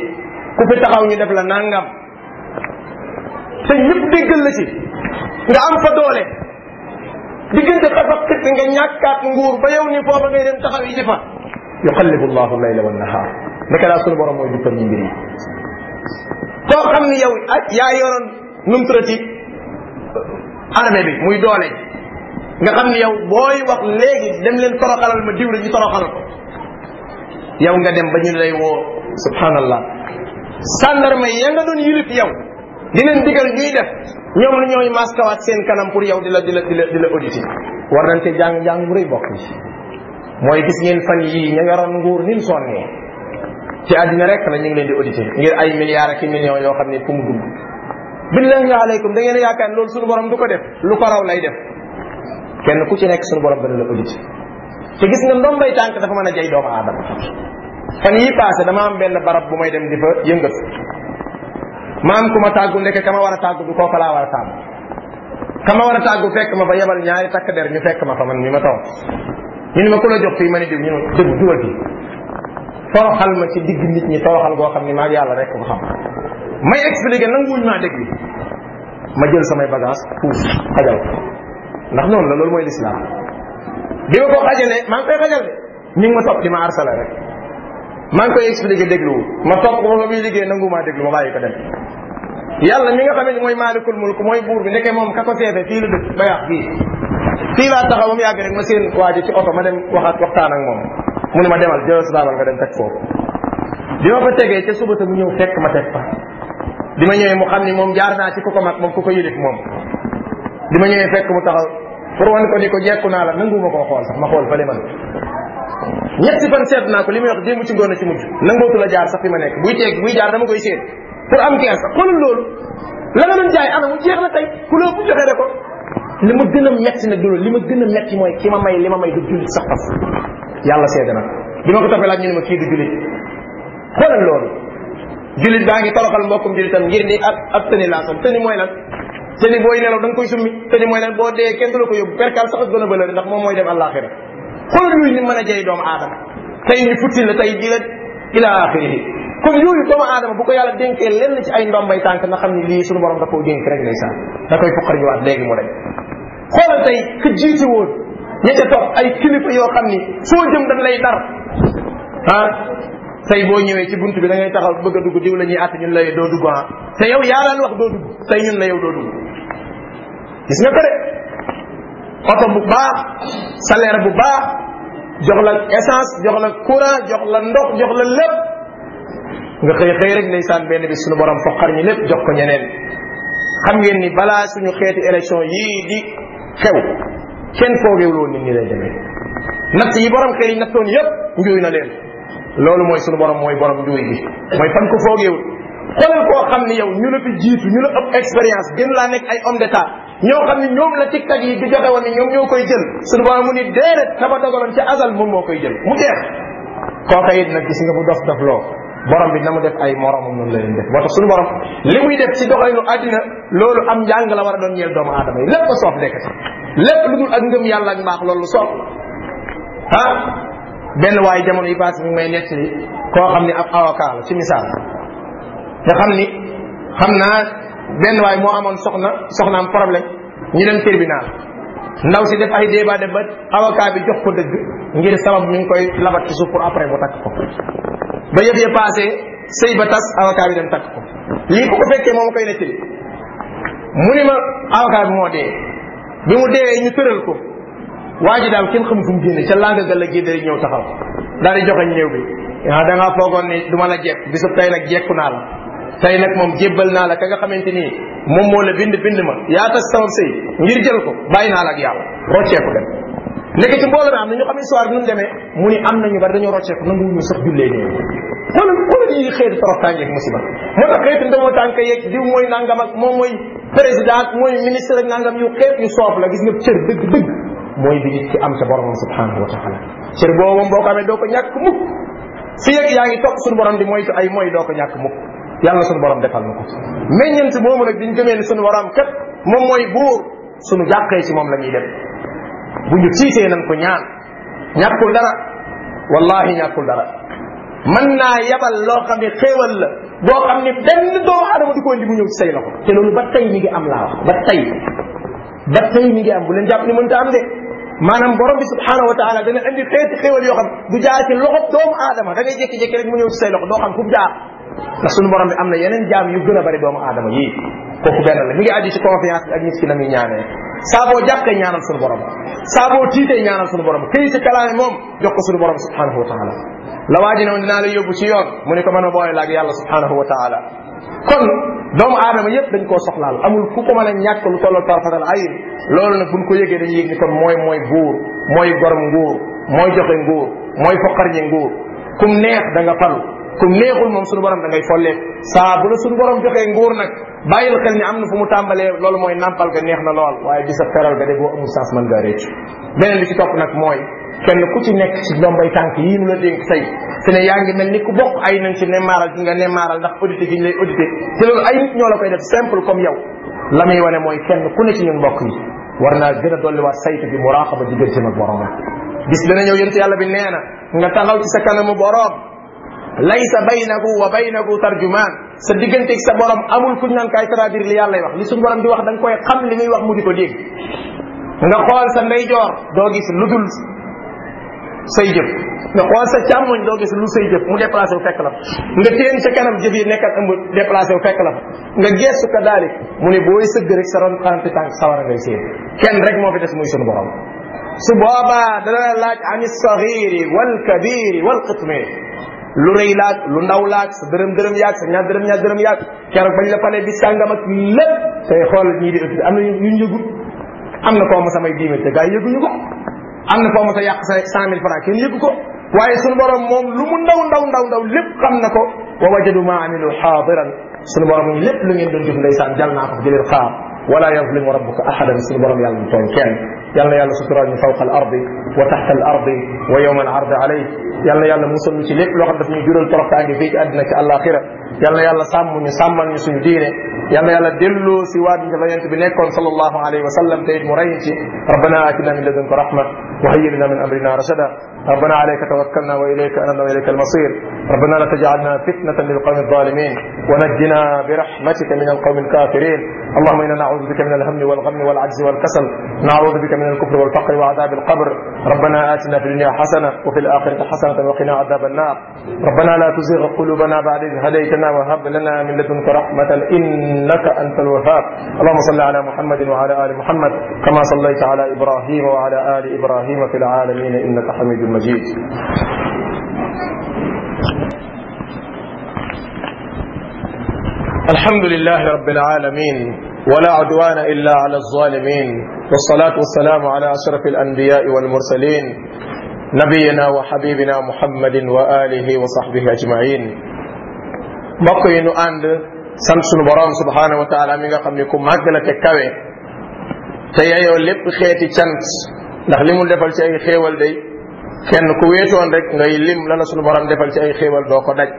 ku fi taxaw ñu def la nangam te ñëpp déggal la ci nga am fa doole diggante xas ak nga ñàkkaat nguur ba yow ni foofa ngay dem taxaw yi jëfa yuqallibu llahu layla wa nahaar naka laa sunu borom mooy jukkal ñu mbir koo xam ni yow ah, yaa yoroon nu mu turati bi muy doole nga xam ni yow booy wax léegi dem leen toroxalal ma diw ñu toroxalal ko yow nga dem ba ñu lay woo subhanallah sàndarma ya nga doon yilif yow di leen digal ñuy def ñoom la ñooy maskawaat seen kanam pour yow di la di la di la di la war nañ te jàng jàng bokk ci mooy gis ngeen fan yii ña yoroon nguur ni mu ci àddina rek la ñu ngi leen di audité ngir ay milliards ak i millions yoo xam ne fu mu dugg billahi aleykum da ngeen a yaakaar loolu suñu borom du ko def lu ko raw lay def kenn ku ci nekk suñu borom dana la audité te gis nga ndombay tànk dafa mën a jay doomu aadama fan yii passé dama am benn barab bu may dem di fa yëngatu ma am ku ma tàggu ndeke ka ma war a tàggu du kooka laa war a tàggu ka ma war a tàggu fekk ma ba yebal ñaari takk der ñu fekk ma fa man mi ma toog ñu ni ma ku la jox fii ma ni toroxal ma ci digg nit ñi toroxal goo xam ne maa yàlla rek ko xam may expliqué nanguwuñ maa déglu ma jël samay bagage tuus xajal ndax noonu la loolu mooy lislaam bi ma ko xajalee maa ngi koy xajal de ñu ngi topp di ma arsala rek maa ngi koy expliqué dégluwu ma topp ko ba muy liggéey nangu maa déglu ma bàyyi ko dem yàlla mi nga xam ne mooy maalikul mulk mooy buur bi nekkee moom ka ko seete fii la dëkk ba fii fii laa taxaw ba yàgg rek ma seen waa ji oto ma waxaat waxtaan ak moom mu ne ma demal jëlal sa daabal nga dem teg foofu bi ma ko tegee ca suba te mu ñëw fekk ma teg fa bi ma ñëwee mu xam ni moom jaar naa ci ku ko mag moom ko ko yëlif moom bi ma ñëwee fekk mu taxaw pour wan ko ni ko jekku naa la nanguma koo xool sax ma xool fële man ñetti fan seet naa ko li muy wax démb ci ngoon na ci mujj nangootu la jaar sax fi ma nekk buy teeg buy jaar dama koy seet pour am keer sax xoolul loolu la nga doon jaay ana mu jeex na tey ku li ma gën mooy ki ma may li ma may du jullit yàlla seede na bi ma ko toppee laaj ñu ne ma kii du jullit xoolal loolu jullit baa ngi toroxal mbokkum jullitam ngir ni ak ak tëni laa sol tëni mooy lan tëni booy nelaw da nga koy summi tëni mooy boo dee kenn du la ko yóbbu perkaal sax ak gën a bëlëri ndax moom mooy dem àllaaxira xoolal yooyu ni mën a jëriñ doomu aadama tey ñu futti la tey di la ila axirihi comme yooyu doomu aadama bu ko yàlla dénkee lenn ci ay ndombay tànk na xam ne lii suñu borom da koo dénk rek ndeysaan da ña ca topp ay kilifa yoo xam ni foo jëm dañ lay dar ah tey boo ñëwee ci bunt bi da taxaw bëgg a dugg diw la ñuy àtt ñun la doo dugg ah te yow yaa daan wax doo dugg tey ñun la yow doo dugg gis nga ko de oto bu baax saleer bu baax jox la essence jox la courant jox la ndox jox la lépp nga xëy xëy rek ndeysaan benn bi suñu borom foqar ñu lépp jox ko ñeneen xam ngeen ni balaa suñu xeeti élection yii di xew kenn foogewul woon nit ñi lay demee natt yi borom xel yi nattoon yépp njuuy na leen loolu mooy suñu borom mooy borom njuuy gi mooy fan ko foogewul xoolal koo xam ne yow ñu la fi jiitu ñu la ëpp expérience gën laa nekk ay homme d'état ñoo xam ne ñoom la tiktak yi di joxe woon ñoom ñoo koy jël sunu borom mu ni déedéet na ba dogaloon ca azal moom moo koy jël mu jeex kooka it nag gis nga bu dof dof loo borom bi na mu def ay moromam noonu la def moo tax suñu borom li muy def ci loolu am njàng la war a doon doomu aadama yi lépp a lépp lu dul ak ngëm yàlla ak mbaax loolu sol ah benn waaye jamono yi passé mi ngi may nettali koo xam ni ab avocat la ci misaal nga xam ni xam naa benn waay moo amoon soxna soxnaam problème ñu dem tribunal ndaw si def ay débat de ba avocat bi jox ko dëgg ngir sabab mi ngi koy labat ci suuf pour après mu takk ko ba yëf ya passé sëy ba tas avocat bi dem takk ko lii ku ko fekkee moom koy nettali mu ni ma avocat bi moo dee bi mu deewee ñu tëral ko waa ji daal kenn xamul fu mu génne ca làng ga la génne ñëw taxaw daal di joxe néew bi ah da ngaa foogoon ni du ma la jekk bisub tey nag jekku naa la tey nag moom jébbal naa la ka nga xamante nii moom moo la bind bind ma yaata tas sama sëy ngir jël ko bàyyi naa la ak yàlla rocceeku nekk ci mbooloo mi am na ñu xam histoire bi nu mu mu ni am nañu bari dañoo rocceeku nanguwuñu sax jullee nii xoolal xoolal yi xeeti toroxtaange ak musiba moo tax xeeti ndamoo tànk yeeg diw mooy nangam ak moom mooy président ak mooy ministre ak nangam yu xeet yu soof la gis nga cër dëgg dëgg mooy bi nit ki am ca boromam subhanahu wa taala cër boobu moom boo ko amee doo ko ñàkk mukk fi yegg yaa ngi topp suñu borom di mooy moytu ay mooy doo ko ñàkk mukk yàlla suñu borom defal na ko meññeent moomu nag biñ gëmee ne suñu borom kat moom mooy buur suñu jàqee ci moom la ñuy dem bu ñu tiitee nan ko ñaan ñàkkul dara wallahi ñàkkul dara man naa yabal loo xam ne xéewal la boo xam ne benn doomu adama du ko indi mu ñëw ci say loxo te loolu ba tey mi ngi am laa wax ba tey ba tey mi ngi am bu leen jàpp ni mënta am de maanaam borom bi subhanahu wa taala dana indi xeeti xéewal yoo xam du jaar ci loxo doomu aadama da ngay jékki-jékki rek mu ñëw ci say loxo doo xam fu mu na ndax suñu borom bi am na yeneen jaam yu gën a bari doomu aadama yii kooku benn la mi ngi aju ci confiance ñaanee saa boo jàppee ñaanal sunu borom saa boo tiitee ñaanal sunu borom këyitu kalaame moom jox ko sunu borom subhanahu wa taala la waa ji ne la yóbbu ci yoon mu ne ko mën a boole la ak yàlla subhanahu wa taala kon doomu aadama yépp dañ koo soxlaal amul ku ko man a ñàkk lu tolloo tarfatal ayin loolu nag buñ ko yëgee dañuy yëg ni kon mooy mooy buur mooy gorom nguur mooy joxe nguur mooy foqar ñi nguur kum neex da nga fal ku neexul moom suñu borom da ngay follee saa la suñu borom joxee nguur nag bàyyil xel ni am na fu mu tàmbalee loolu mooy nàmpal ga neex na lool waaye di sa teral ga de boo amul sens mën ngaa réccu beneen bi ci topp nag mooy kenn ku ci nekk ci ndombay tànk yii nu la dénk ne yaa mel ni ku bokk ay nañ ci nemmaaral nga nemmaaral ndax audité gi ñu lay audité te loolu ay nit ñoo la koy def simple comme yow la muy wane mooy kenn ku ne ñun mbokk yi war naa gën a dolliwaat saytu bi muraaxaba digganteem ak na nga taxaw ci laysa baynahu wa baynahu tarjumaan sa digganteeg sa borom amul fuñ naan kaay traduire li yàllay wax li suñ borom di wax da nga koy xam li muy wax mu di ko dégg nga xool sa ndeyjoor doo gis lu dul say jëf nga xool sa càmmoñ doo gis lu say jëf mu déplacé wu fekk la fa nga téen ca kanam jëf yi nekkat ëmb déplacé wu fekk la fa nga geesu ka daalik mu ne booy sëgg rek sa ron xarante sa sawara ngay séen kenn rek moo fi des muy suñu borom su boobaa dana laaj ani sagiri wal kabiri lu rëy laag lu ndaw laag sa dërëm dërëm yaag sa ñaar dërëm ñaar dërëm yaag keroog bañ la falee bi sàngam ak lépp tey xoolal ñii di ëpp am na ñu yëgul na koo ma samay dix mille te gars na koo ma sa yàq sa cent mille franc kenn yëgu ko waaye sunu borom moom lu mu ndaw ndaw ndaw ndaw lépp xam na ko wa wajadu ma amilu xaadiran sunu borom moom lépp lu ngeen doon jëf ndeysaan jal naa ko jëleen xaar wala yazlimu a ahadan sunu borom yàlla mu tooñ kenn yàlla yàlla suturaal ñu fawqa al ardi wa taxta al ardi wa yowma al ardi alay yàlla yàlla musal ñu ci lépp loo xam daf ñuy jural toroxtaange fii ci àddina ci àllaaxira yàlla yàlla sàmm ñu sàmmal ñu suñu diine yal na yàlla delloo si waat ñu fa yent bi nekkoon sallallahu alayhi wa sallam te it mu rey ci rabbana atina min ladunka rahma wa hayyi lana min amrina rashada ربنا عليك توكلنا واليك انبنا واليك المصير ربنا لا تجعلنا فتنه للقوم الظالمين ونجنا برحمتك من القوم الكافرين اللهم انا نعوذ بك من الهم والغم والعجز والكسل نعوذ بك من الكفر والفقر وعذاب القبر ربنا اتنا في الدنيا حسنه وفي الاخره حسنه وقنا عذاب النار ربنا لا تزغ قلوبنا بعد اذ هديتنا وهب لنا من لدنك رحمه ان innaka anta alwahhab allahumma salli ala muhammadin wa ala ali muhammad kama sallayta ala ibrahima wa ala ali ibrahima fil alamin innaka hamidun majid الحمد لله رب العالمين ولا عدوان إلا على الظالمين والصلاة والسلام على أشرف الأنبياء والمرسلين نبينا وحبيبنا محمد وآله وصحبه أجمعين بقي أند sant sunu borom subhanahu taala mi nga xam ne ku màgg la te kawe te yeyoo lépp xeeti cant ndax li mu defal ci ay xéewal day kenn ku weetoon rek ngay lim la la sunu borom defal ci ay xéewal doo ko daj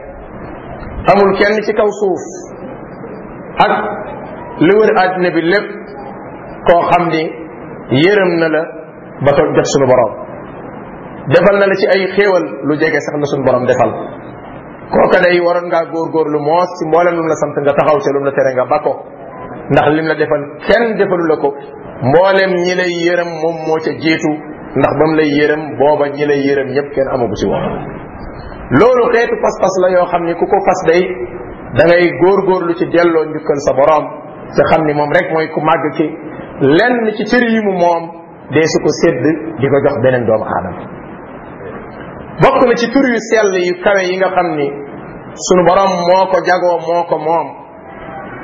amul kenn ci kaw suuf ak li wër àddina bi lépp koo xam ni yërëm na la ba toog jot sunu defal na la ci ay xéewal lu jege sax la sunu borom defal kooka day waroon ngaa góorgóorlu moos ci mboolem lu mu la sant nga taxaw ca lu mu la tere nga ba ko ndax lim la defal kenn defalu la ko mboolem ñi lay yërëm moom moo ca jiitu ndax ba lay yërëm booba ñi lay yërëm ñëpp kenn amagu ci woon loolu xeetu pas-pas la yoo xam ni ku ko fas day da ngay lu ci delloo njukkal sa boroom te xam ni moom rek mooy ku màgg ki lenn ci cër yi mu moom dee su ko sedd di ko jox beneen doomu aadama bokk na ci tur yu sell yu kawe yi nga xam ni sunu borom moo ko jagoo moo ko moom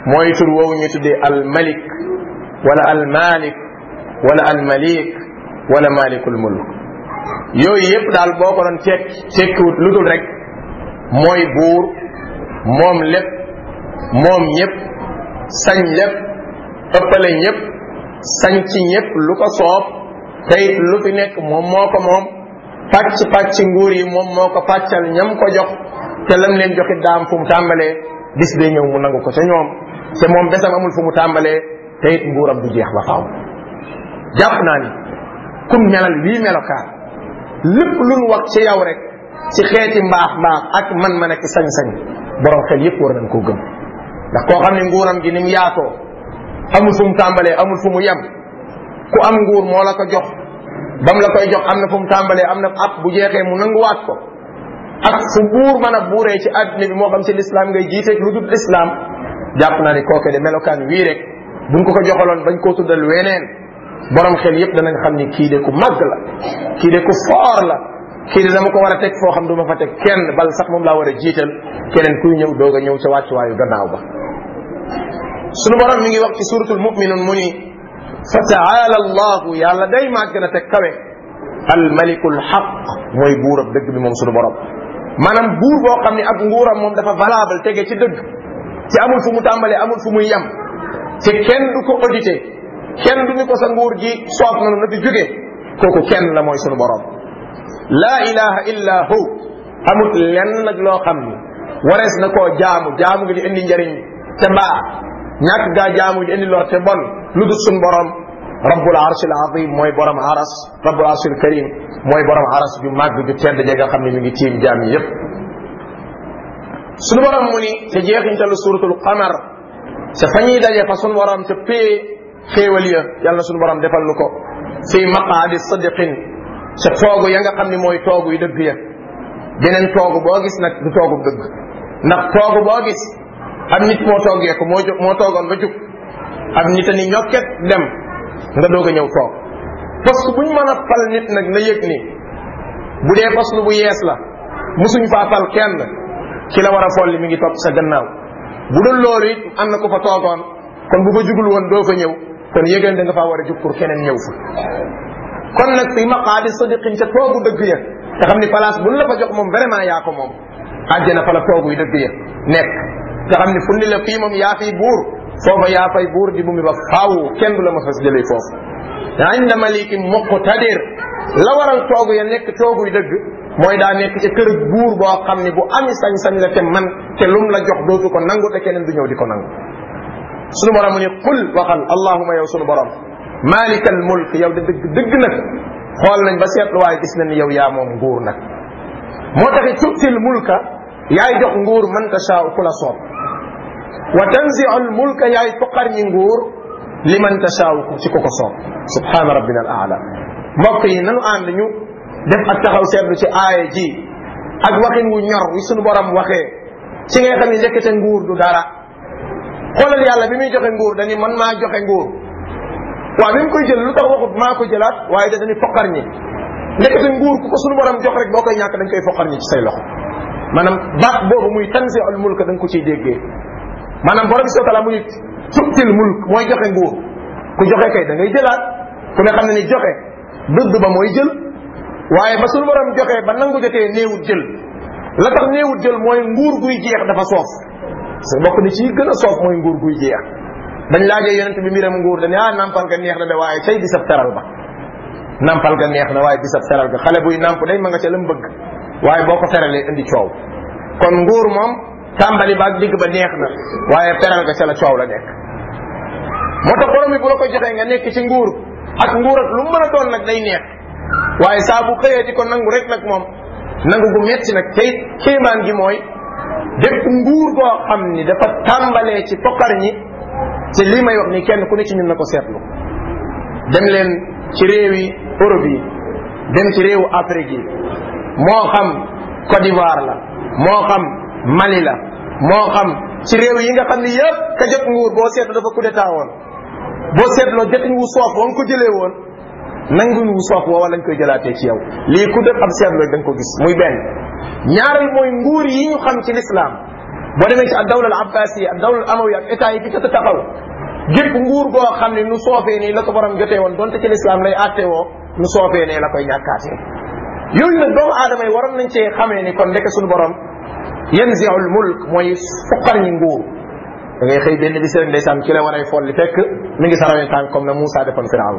mooy tur woowu ñu tuddee al malik wala al wala al malik wala malikul mulk yooyu yëpp daal boo ko doon tekk tekkiwut lu dul rek mooy buur moom lépp moom ñëpp sañ lépp ëppale ñëpp sañ ci ñëpp lu ko soob tey lu nekk moom moo moom pàcc pàcc nguur yi moom moo ko pàccal ñam ko jox te lam leen joxi daam fu mu tàmbalee bis day ñëw mu nangu ko ca ñoom te moom besam amul fu mu tàmbalee te it nguuram du jeex ba faaw jàpp naa ni kum melal wii melokaan lépp lu nu wax ci yow rek ci xeeti mbaax mbaax ak man ma nekk sañ-sañ borom xel yépp war nañ koo gëm ndax koo xam ne nguuram gi ni mu yaatoo amul fu mu tàmbalee amul fu mu yem ku am nguur moo la ko jox ba mu la koy jox am na fu mu tàmbalee am na ab bu jeexee mu nanguwaat ko ak fu buur mën a buuree ci àddina bi moo xam ci lislaam ngay jiiteeg lu dul lislaam jàpp naa ne kooke de melokaan wii rek buñ ko ko joxaloon bañ koo tuddal weneen borom xel yëpp danañ xam ni kii de ku màgg la kii de ku foor la kii de dama ko war a teg foo xam du ma fa teg kenn bal sax moom laa war a jiital keneen kuy ñëw doog a ñëw ca wàccuwaayu gannaaw ba sunu borom mi ngi fa taala allahu yàlla day màgg na te kawe almalikul xaq mooy buur ab bi moom suñu borom maanaam buur boo xam ne ab nguuram moom dafa valable tege ci dëgg ci amul fu mu tàmbalee amul fu muy yem ci kenn du ko audité kenn du ni ko sa nguur gi soob nanu na fi jóge ko kenn la mooy sunu borom la ilaha illa hu amut lenn nag loo xam ni warees na ko jaamu jaamu gi di indi njëriñ te mbaa ñàkk gaa jaamu ji indi lor te bon lu dul sun borom rabbul arshil azim mooy borom aras rabbul arshil karim mooy borom aras ju màgg ju tedd ja nga xam ne mi ngi tiim jaam yi yépp sunu borom mu ni ca jeexintalu suratul qamar ca fa ñuy daje fa sunu borom ca pee xéewal ya yàlla sunu borom defal lu ko fi maqaadi sadiqin ca toogu ya nga xam ne mooy toogu yu dëgg ya beneen toogu boo gis nag du toogu dëgg ndax toogu boo gis ab nit moo toogee ko moo moo toogoon ba jug ab nit a ni ñokket dem nga doog a ñëw toog parce que buñ mën a pal nit nag na yëg ni bu dee faslu bu yees la musuñ faa pal kenn ci la war a folli mi ngi topp sa gannaaw bu dul loolu it am na ku fa toogoon kon bu fa jugul woon doo fa ñëw kon yëgal da nga fa war a jug pour keneen ñëw fa kon nag fi maqaadi sadiqin ca toogu dëgg ya te xam ni place buñ la fa jox moom vraiment yaa ko moom àjjana fa la toogu dëgg ya nga xam ne fu ni la fii moom yaa fiy buur foofa yaa fay buur di bu mi ba faaw kenn du la ma fas jëlee foofu inda maliki muqtadir la waral toogu ya nekk tooguy dëgg mooy daa nekk ca kër buur boo xam ne bu ami sañ-sañ la te man te lum la jox dootu ko nangu te keneen du ñëw di ko nangu sunu borom mu ni qul waxal allahuma yow sunu borom malika al mulk yow de dëgg dëgg nag xool nañ ba seetlu waaye gis na ni yow yaa moo taxi tuutil mulka yaay jox nguur man tashaa ku la soob wa tanziu al mulka yaay foqar ñi nguur liman tashaawu ko ci ku ko soob subhaana rabbina al aala mbokk yi nanu ànd ñu def ak taxaw seetlu ci aaya ji ak waxin wu ñor wi suñu borom waxee ci ngay xam ne njëkkate nguur du dara xoolal yàlla bi muy joxe nguur dañu man maa joxe nguur waaw bi mu koy jël lu tax waxut maa ko jëlaat waaye da dañu foqar ñi njëkkate nguur ku ko suñu borom jox rek boo koy ñàkk dañ koy foqar ñi ci say loxo maanaam baat boobu muy tanzi al mulka da nga ko ciy déggee maanaam borom subhanahu wa taala mu ngi tuktil mulk mooy joxe nguur ku joxe kay da ngay jëlaat ku ne xam na ni joxe dudd ba mooy jël waaye ba suñu borom joxe ba nangu jotee néewut jël la tax néewut jël mooy nguur guy jeex dafa soof su bokk ni ci gën a soof mooy nguur guy jeex bañ laajee yonent bi mbiram nguur dañ ah nampal ga neex na de waaye tey bisab teral ba nampal ga neex na waaye bisab teral ga xale buy namp day ma nga la mu bëgg waaye boo ko teralee indi coow kon nguur moom tàmbali ba ak digg ba neex na waaye peral ga ca la coow la nekk moo tax borom bu la ko joxee nga nekk ci nguur ak nguur ak lu mu mën a nag day neex waaye saabu bu xëyee di ko nangu rek nag moom nangu gu metti nag tey kéemaan gi mooy bépp nguur goo xam ni dafa tàmbalee ci pokar ñi ci lii may wax ni kenn ku ne ci ñun na ko seetlu dem leen ci réew yi dem ci réewu Afrique yi moo xam Côte d'Ivoire la moo xam Mali la moo xam ci réew yi nga xam ni yëpp ka jot nguur boo seetlu dafa coup d'état woon boo seetloo jotin wu soof nga ko jëlee woon nanguñ wu soof woo wala lañ koy jëlaatee ci yow lii ku def ab seetlu rek ko gis muy benn ñaareel mooy nguur yi xam ci lislaam boo demee ci ak dawla al abbasi ak dawla al amawi ak état yi fi jot goo xam ne nu soofee nii la ko borom jotee woon donte ci lislaam lay àtte woo nu soofee nee la koy ñàkkaatee yooyu nag doomu aadama yi waroon nañ cee xamee ni kon ndeke suñu borom yanziul mulk mooy foqar ñi nguur da ngay xëy benn bis rek ndeysaan ki la war a folli fekk mi ngi sarawee tànk comme na Moussa defoon Firawn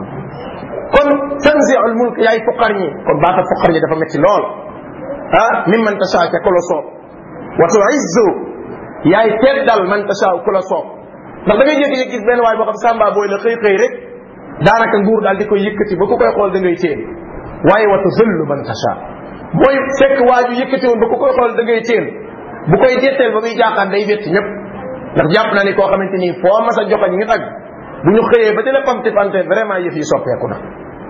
kon tanziul mulk yaay foqar ñi kon baata foqar ñi dafa métti lool ah mimman tashaa ca ku la soob wa tuizzu yaay teddal man tashaa ku la soob ndax da ngay jékki-jékki gis benn waay boo xam samba booy la xëy xëy rek daanaka nguur daal di koy yëkkati ba ku koy xool da ngay téen waaye wa tuzillu man tashaa booy fekk waa ju yëkkati woon ba ku koy xool da ngay téen bu koy detteel ba muy jaaxaan day bett ñëpp ndax jàpp na ni koo xamante ni foo mas a joxoñ ñu tagg bu ñu xëyee ba dina pam tipante vraiment yëf yi soppeeku na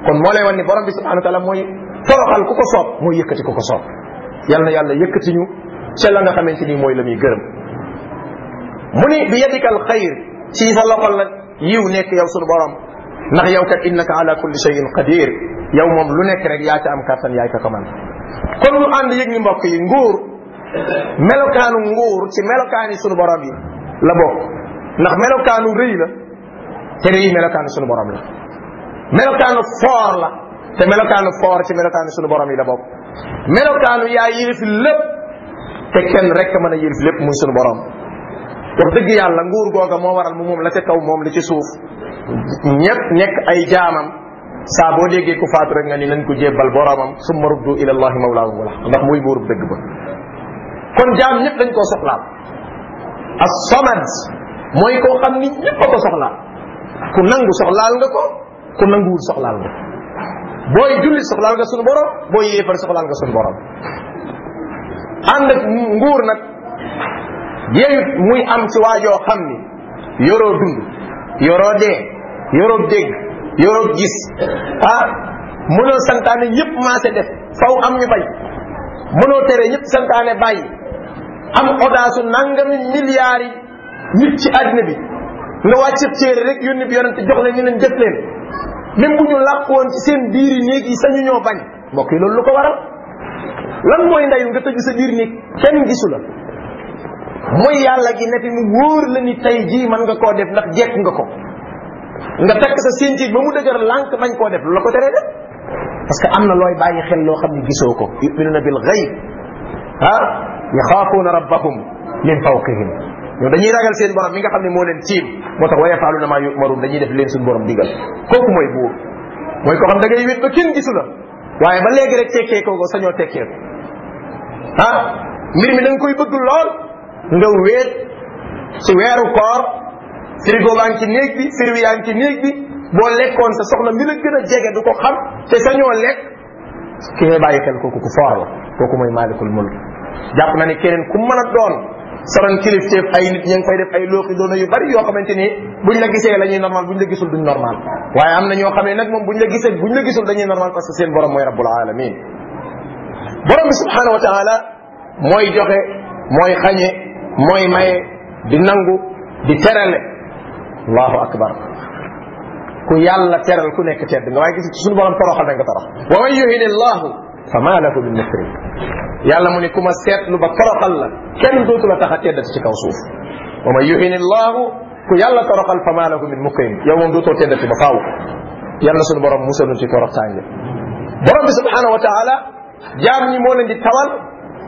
kon moo lay wan ni borom bi subhanahu wa mooy toroxal ku ko soob mooy yëkkati ku ko soob yalla na yàlla yëkkati ñu ca la nga xamante ni mooy la muy gërëm mu ni bi yadikal xayr ci sa loxol la yiw nekk yow sunu borom ndax yow kat innaka ala kulli shay'in qadir yow moom lu nekk rek yaa am kàttan yaay ka ko man kon ñu ànd yëg nguur melokaanu nguur ci melokaani sunu borom yi la bokk ndax melokaanu rëy la te rëy melokaanu sunu borom la melokaanu foor la te melokaanu foor ci melokaanu sunu borom yi la bokk melokaanu yaa yilif lépp te kenn rek mën a yilif lépp muy sunu borom wax dëgg yàlla nguur googa moo waral mu moom la ca kaw moom li ci suuf ñëpp nekk ay jaamam saa boo déggee ku faatu rek nga ni nañ ko jébbal boromam summa ruddu ila allahi mawlaahum ndax muy buurub dëgg ba kon jaam ñëpp dañ koo soxlaal as-samad mooy koo xam ni ñëpp a ko soxlaal ku nangu soxlaal nga ko ku nanguwul soxlaal nga booy jullit soxlaal nga sunu borom booy yéefar soxlaal nga nag yeyut am ci waajoo xam ni yoroo dund yoroo dee yoroo dégg yoroo gis ah, mënoo santaane ñëpp maase def faw am ñu bañ mënoo tere ñëpp santaane bàyyi am audace nangami milliards yi nit ci àddina bi nga wàcc téere rek yónni bi yonente jox leen ñu leen jëf leen même bu ñu làqoon ci seen biir yi néeg yi sañu ñoo bañ mbokk loolu lu ko waral lan mooy ndayu nga tëju sa biir néeg kenn gisu la mooy yàlla gi ne fi mu wóor la ni tey jii mën nga koo def ndax jekk nga ko nga takk sa sintiig ba mu dëgër lànk bañ koo def lu la ko teree def parce que am na looy bàyyi xel loo xam ne gisoo ko yuminuna bil gayb ah yaxaafuuna rabbahum min fawqihim ñoom dañuy ragal seen borom mi nga xam ne moo leen tiim moo tax wa yafaaluuna maa yumaruun dañuy def leen suñu borom digal kooku mooy buur mooy ko xam da ngay wét ba kenn gisu la waaye ba léegi rek tekkee kooku sañoo tekkee ko ah mbir mi da nga koy bëgg lool nga wéet ci weeru koor frigo baa ngi ci néeg bi frigo yaa ngi ci néeg bi boo lekkoon sa soxna mi la gën a jege du ko xam te sañoo lekk ki ngay bàyyi xel kooku ku foor la kooku mooy maalikul mulk jàpp na ne keneen a doon saroon kilifteef ay nit ña koy def ay looxi doona yu bari yoo xamante ni buñ la gisee la ñuy normal buñ la gisul duñ normal waaye am na ñoo xam ne nag moom buñ la gisee buñ la gisul dañuy normal parce que seen borom mooy rabbul alamin borom bi wa taala mooy joxe mooy xañe mooy maye di nangu di terale allahu akbar ku yàlla teral ku nekk tedd nga waaye gis suñu borom toroxal da nga torox wa man yuhin allahu fa maa lahu min nasrin yàlla mu ne ku ma seetlu ba toroxal la kenn dootu la tax a teddati ci kaw suuf wa man yuhini llahu ku yàlla toroxal fa maa lahu min mukrim yow moom dootoo teddati ba faaw yàlla sunu borom musalun ci toroxtaange borom bi subhanahu wa taala jaam ñi moo leen di tawal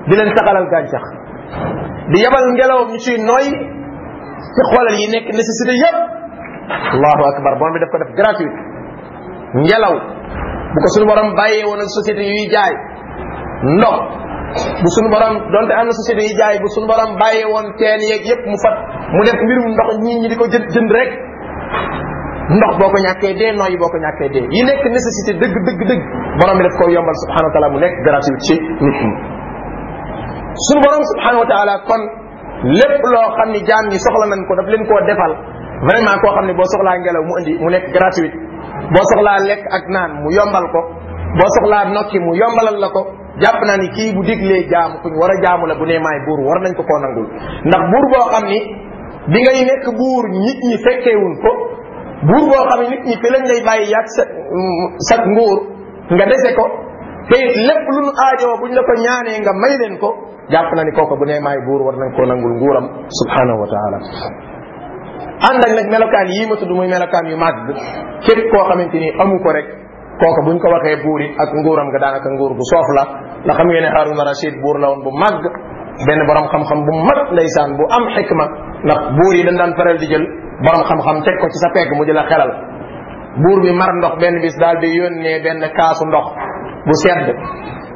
di leen saxalal gàncax di yabal ngelaw ñu ciy nooy ci xoolal yi nekk nécessité yëpp allahu akbar borom bi daf ko def gratuite ngelaw bu ko suñu borom bàyyee woon ak société yuy jaay ndox bu suñu donte am na société yuy jaay bu suñu borom bàyyee teen yeeg yépp mu fat mu nekk mbirum ndox ñii ñi di ko jënd jënd rek ndox boo ko ñàkkee dee nooyi boo ko ñàkkee dee yi nekk nécessité dëgg dëgg dëgg borom bi daf ko yombal subhanahu wa taala mu nekk gratuit ci nit ñi suñu borom subhanahu wa kon lépp loo xam ni jaan ñi soxla nañ ko daf leen koo defal vraiment koo xam ne boo soxlaa ngelaw mu indi mu nekk gratuit boo soxlaa lekk ak naan mu yombal ko boo soxlaa nokki mu yombalal la ko jàpp naa ni kii bu diglee jaamu ku ñu war a jaamu la bu nee maay buur war nañ ko koo nangul ndax buur boo xam ni bi ngay nekk buur nit ñi fekkeewuñ ko buur boo xam ne sa sa nguur nga dese ko te it lu nu bu buñ la ko ñaanee nga may leen ko jàpp na ni ko bu nee maay buur war nañ koo nangul nguuram subhanahu wa taala ànd ak nag melokaan yii ma tudd muy melokaan yu màgg képp koo xamante ni amu ko rek kooka buñ ko waxee buur it ak nguuram nga daanaka nguur gu soof la la xam ngeen ne Haruna Rashid buur la woon bu màgg benn borom xam-xam bu mag ndeysaan bu am xikma ndax buur yi dañ daan faral di jël borom xam-xam teg ko ci sa pegg mu di la xelal buur bi mar ndox benn bis daal di yónnee benn kaasu ndox bu sedd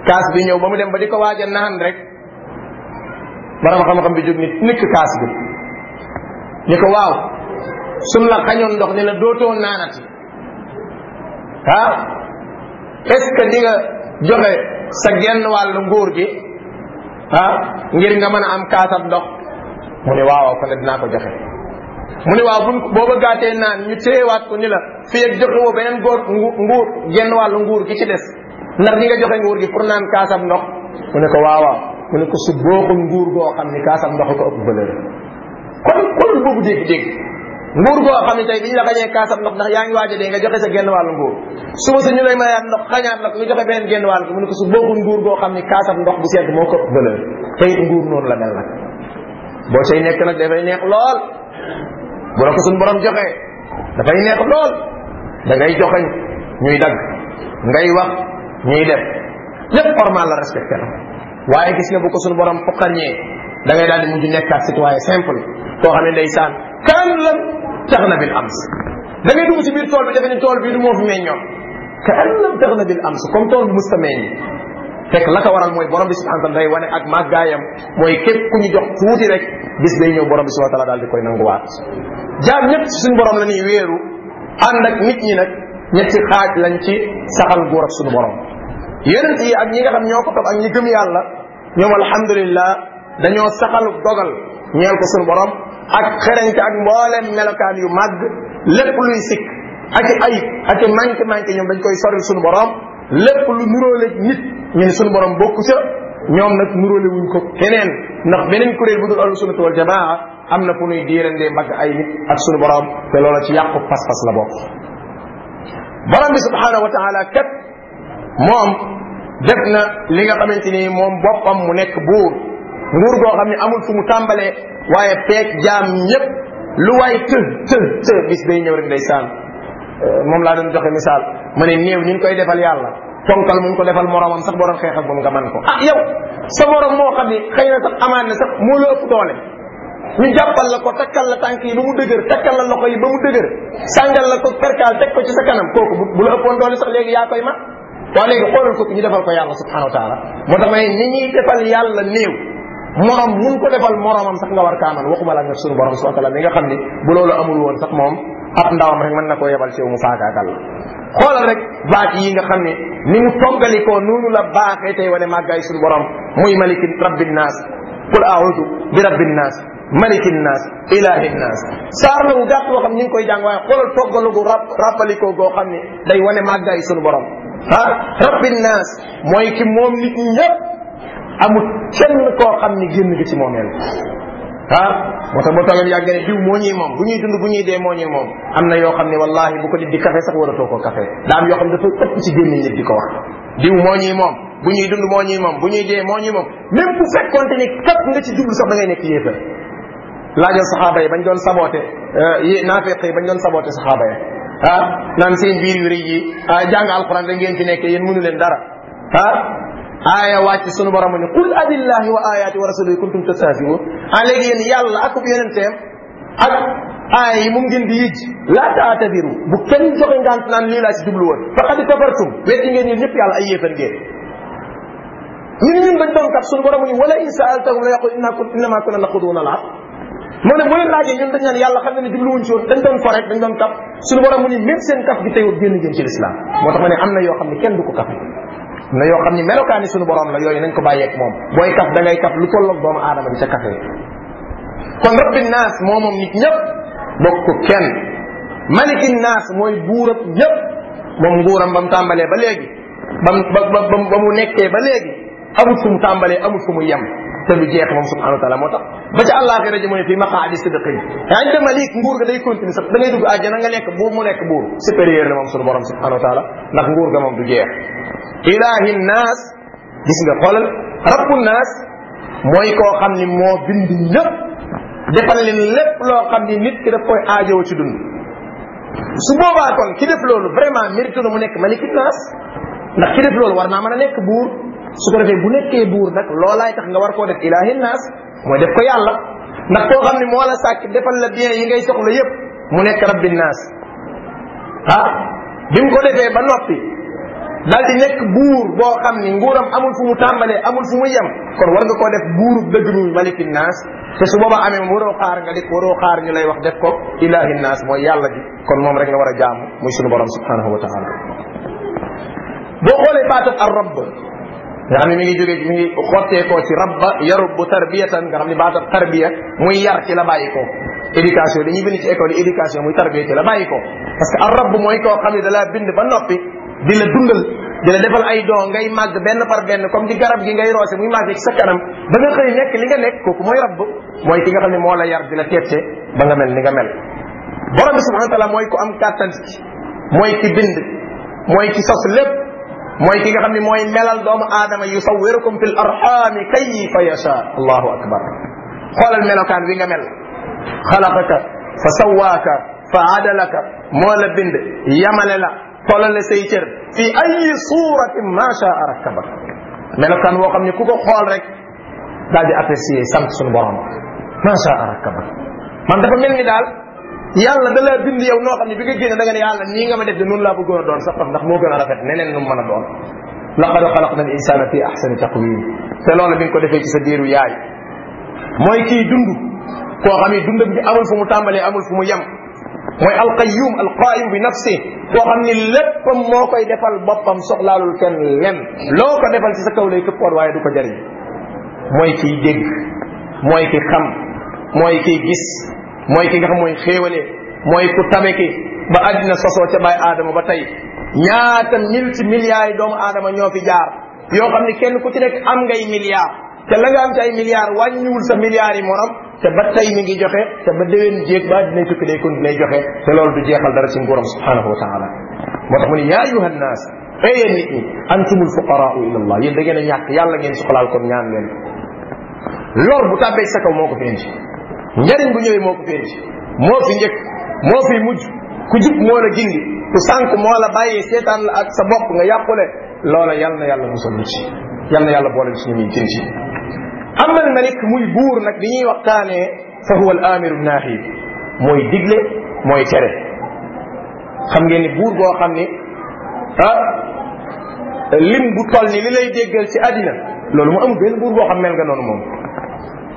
kaas bi ñëw ba mu dem ba di ko waaj a rek borom xam-xam bi jóg ni nikk kaas bi ni ko waaw sun la xañoon ndox ne la dootoo naanati ah est-ce que nga joxe sa genn wàll nguur gi ah ngir nga mën a am kaasab ndox mu ne waaw kon dinaa ko joxe mu ne waaw buñ boo bëggaatee naan ñu téyewaat ko ni la fii ak joxe woo beneen nguur genn wàllu nguur gi ci des ndax di nga joxe nguur gi pour naan kaasab ndox mu ne ko waaw mu ne ko su booxul nguur goo xam ni kaasab ndox ko ëpp valeur kon xol boobu dégg-dégg nguur goo xam ne tey bi ñu la xañee kaasam ndox ndax yaa ngi waaj dee nga joxe sa genn wàllu nguur suba sa ñu lay mayaat ndox xañaat la ko nga joxe benn genn wàll ko mu ne ko su bokkul nguur goo xam ne kaasam ndox bu sedd moo ko valeur te it nguur noonu la mel boo say nekk nag dafay neex lool bu la ko suñu borom joxee dafay neex lool da ngay joxañ ñuy dagg ngay wax ñuy def lépp formal la respecté la waaye gis nga bu ko suñu borom foqarñee da ngay daal di mujj nekkaat citoyen simple koo xam ne ndeysaan kaan lan tax na bi ams da ngay dugg ci biir tool bi defe ni tool bi du moo fi meññoon kaan lan tax na bil ams comme tool bi musta meññi fekk la waral mooy borom bi subhanahu wa taala day wane ak màggaayam mooy képp ku ñu jox tuuti rek bis day ñëw borom bi subhanahu di koy nanguwaat jaam ñëpp suñ borom la ñuy wéeru ànd ak nit ñi nag ñetti xaaj lañ ci saxal góor ak suñu borom yonent yi ak ñi nga xam ñoo ko topp ak ñi gëm yàlla ñoom alhamdulillah dañoo saxal dogal ñeel ko suñu borom ak xerañte ak mbooleem melokaan yu màgg lépp luy sikk ak ayib ak manqué manqué ñoom dañ koy soril suñu borom lekk lu nuróole nit ñu ne suñu borom bokku ca ñoom nag nuróole ko keneen ndax beneen kuréel bu dul ahlu sunnati wal am na fu nuy diirandee mbagg ay nit ak sunu borom te loola ci yàqu pas-pas la bokk borom bi subhaanahu wa taala kat moom def na li nga xamante ni moom boppam mu nekk buur nguur goo xam ne amul fu mu tàmbalee waaye peeg jaam ñëpp lu waay të të të bis day ñëw rek day saan euh, moom laa doon joxe misaal ma ne néew ni ñu koy defal yàlla fonkal mu ko defal moromam sax boo doon xeex ak moom nga ko ah yow sa moo xam ne na sax moo ëpp doole ñu jàppal la ko takkal la tànk yi ba mu dëgër takkal la loxo yi ba mu dëgër sàngal la ko perkaal teg ko ci sa kanam kooku bu la ëppoon doole sax léegi yaa koy ma waaw léegi xoolal ko ñu defal ko yàlla subhanahu wa taala moo tax ma ne ni ñuy defal yàlla néew morom mun ko defal moromam sax nga war kaa man waxuma la nga suñu borom subhanahu wa taala mi nga xam ni bu loolu amul woon sax moom ab ndawam rek mën na koo yebal ci yow mu faagaagal la xoolal rek baat yi nga xam ne ni mu toggalikoo noonu la baaxee tey wane màggaay suñu borom muy maliki rabbi nnaas qul audu bi rabbi nnaas maliki nnaas ilahi nnaas saar la wu gàtt boo xam ñu ngi koy jàng waaye xoolal toggalugu rab rappalikoo goo xam ne day wane màggaay suñu borom ah rabbi nnaas mooy ki amut kenn koo xam ni génn gi ci moomeel ah moo tax boo toogee yàgg ne diw moo ñuy moom bu ñuy dund bu ñuy dee moo ñuy moom am na yoo xam ne wallahi bu ko nit di café sax waratoo ko café daa am yoo xam ne dafa ëpp ci génn nit di ko wax diw moo ñuy moom bu ñuy dund moo ñuy moom bu ñuy dee moo ñuy moom même bu fekkonte ni kat nga ci jublu sax da ngay nekk yéefar laajal saxaaba yi bañ doon saboote euh, naafeq yi bañ doon saboote saxaaba yi ah naan seen biir yu rëy yi da ah, ngeen ci nekk yéen mënu leen dara ah aaya wàcc sunu borom ne qul abillahi wa ayaati wa rasulihi kuntum tastahzi'un ah léegi yéen yàlla ak ub yonenteem ak aaya yi mu ngeen di yëj laa taatabiru bu kenn joxe ngant naan lii laa ci jublu woon faqad kafartum weddi ngeen yéen ñëpp yàlla ay yéefar ngeen ñun ñun bañ doon kat sunu borom ne wala in sa'altahum la yaqul inna kun innama kunna naxuduuna al moo ne bu leen laajee ñun dañ naan yàlla xam ne ne jubluwuñ ci woon dañ doon fo rek dañ doon kaf suñu borom mu ni même seen kaf gi tey woon génn ngeen ci lislaam moo tax ma ne am na yoo xam ne kenn du ko kaf na yoo xam ni melokaani suñu borom la yooyu nañ ko bàyyeeg moom booy kaf da ngay kaf lu tolloog doomu aadama bi ca kafee kon rabbi naas moo moom nit ñëpp bokk kenn maliki naas mooy buurab ñëpp moom nguuram ba mu tàmbalee ba léegi ba mu ba mu nekkee ba léegi amul fu mu tàmbalee amul ku mu yem te lu jeex moom subhanahu wa taala moo tax ba ca àllaaxira ji mu ne fii maqaadi sidqin inda malik nguur ga day continuer sax da ngay dugg àjjana nga nekk buur mu nekk buur supérieur la moom sunu borom subhanahu wa taala ndax nguur ga moom du jeex ilaahi naas gis nga xoolal rabbu naas mooy koo xam ni moo bind ñëpp defal leen lépp loo xam ni nit ki daf koy aajowoo ci dund su boobaa kon ki def loolu vraiment mérite na mu nekk maliku naas ndax ki def loolu war naa mën a nekk buur su ko defee bu nekkee buur nag loolaay tax nga war koo def ilaahi naas mooy def ko yàlla ndax koo xam ne moo la sàkk defal la bien yi ngay soxla yépp mu nekk rabbi naas ah bi mu ko defee ba noppi daal di nekk buur boo xam ni nguuram amul fu mu tàmbalee amul fu mu yem kon war nga koo def buuru dëgg muy maliki naas te su boobaa amee waroo xaar nga dik waroo xaar ñu lay wax def ko ilaahi naas mooy yàlla di kon moom rek nga war a jaamu muy sunu borom subhanahu wa taala boo xoolee baatab ar rabb nga xam ne mi ngi jógee mi ngi xotteekoo ci rabba yarubbu tarbiyatan nga xam ne baatab tarbiya muy yar ci la bàyyi ko éducation dañuy bind ci école yi éducation muy tarbiya ci la bàyyi ko parce que ar rabb mooy koo xam ne da laa bind ba noppi di la dundal di la defal ay don ngay màgg benn par benn comme di garab gi ngay roose muy màgg ci sa kanam ba nga xëy nekk li nga nekk kooku mooy rabb mooy ki nga xam ne moo la yar di la teete ba nga mel ni nga mel borom bi subhanahu wa am kàttan mooy ki bind mooy ki sos lépp mooy ki nga xam ne mooy melal doomu aadama yusawirukum fil arxaami kayfa yasha allahu akbar xoolal melokaan wi nga mel xalaqaka fa sawaaka fa adalaka moo la bind yamale la tolale say cër fi ayi suratin ma shaa rakkabak melokaan woo xam ne ku ko xool rek daal di apprécier sant suñu borom ma shaa rakkabak man dafa mel ni daal yàlla da laa bind yow noo xam ne bi nga génne da nga ne yàlla nii nga ma def de noonu laa bëggoon a doon sax ndax moo gën a rafet neneen nu mu mën a doon laqad xalaqna al insana fi ahsani taqwim te loolu bi nga ko defee ci sa diiru yaay mooy ki dund koo xam ne dundam bi amul fu mu tàmbalee amul fu mu yem mooy alqayyum alqaayim bi nafsi koo xam ni léppam moo koy defal boppam soxlaalul kenn lenn loo ko defal ci sa kaw lay këppoon waaye du ko jëriñ mooy kiy dégg mooy ki xam mooy ki gis mooy ki nga xam mooy xéewale mooy ku tabe ba àddina sosoo ca bàyyi aadama ba tey ñaata mille ci milliards yi doomu aadama ñoo fi jaar yoo xam ni kenn ku ci am ngay milliards te la nga am ci ay milliards sa milliards yi morom te ba tey mi ngi joxe te ba déwén jéeg ba àddina tukki day continuer joxe te loolu du jeexal dara ci nguuram subhanahu wa taala moo tax mu ne yaa ayuha nnaas ay yéen nit ñi ila allah yéen da ngeen a ñàkk yàlla ngeen soxlaal kon ñaan leen lor bu tàbbee sa kaw moo ko fi njariñ bu ñëwee moo ko fi indi moo fi njëkk moo fi mujj ku jub moo la gindi ku sànq moo la bàyyi seetaan la ak sa bopp nga yàqule loola yal na yàlla musal ñu ci yal na yàlla boole ñu ci ñu muy gindi am muy buur nag bi ñuy waxtaanee fa huwa al amiru naahi mooy digle mooy tere xam ngeen ni buur goo xam ni ah lim bu toll ni li lay déggal ci àddina loolu moo amul benn buur boo xam mel nga noonu moom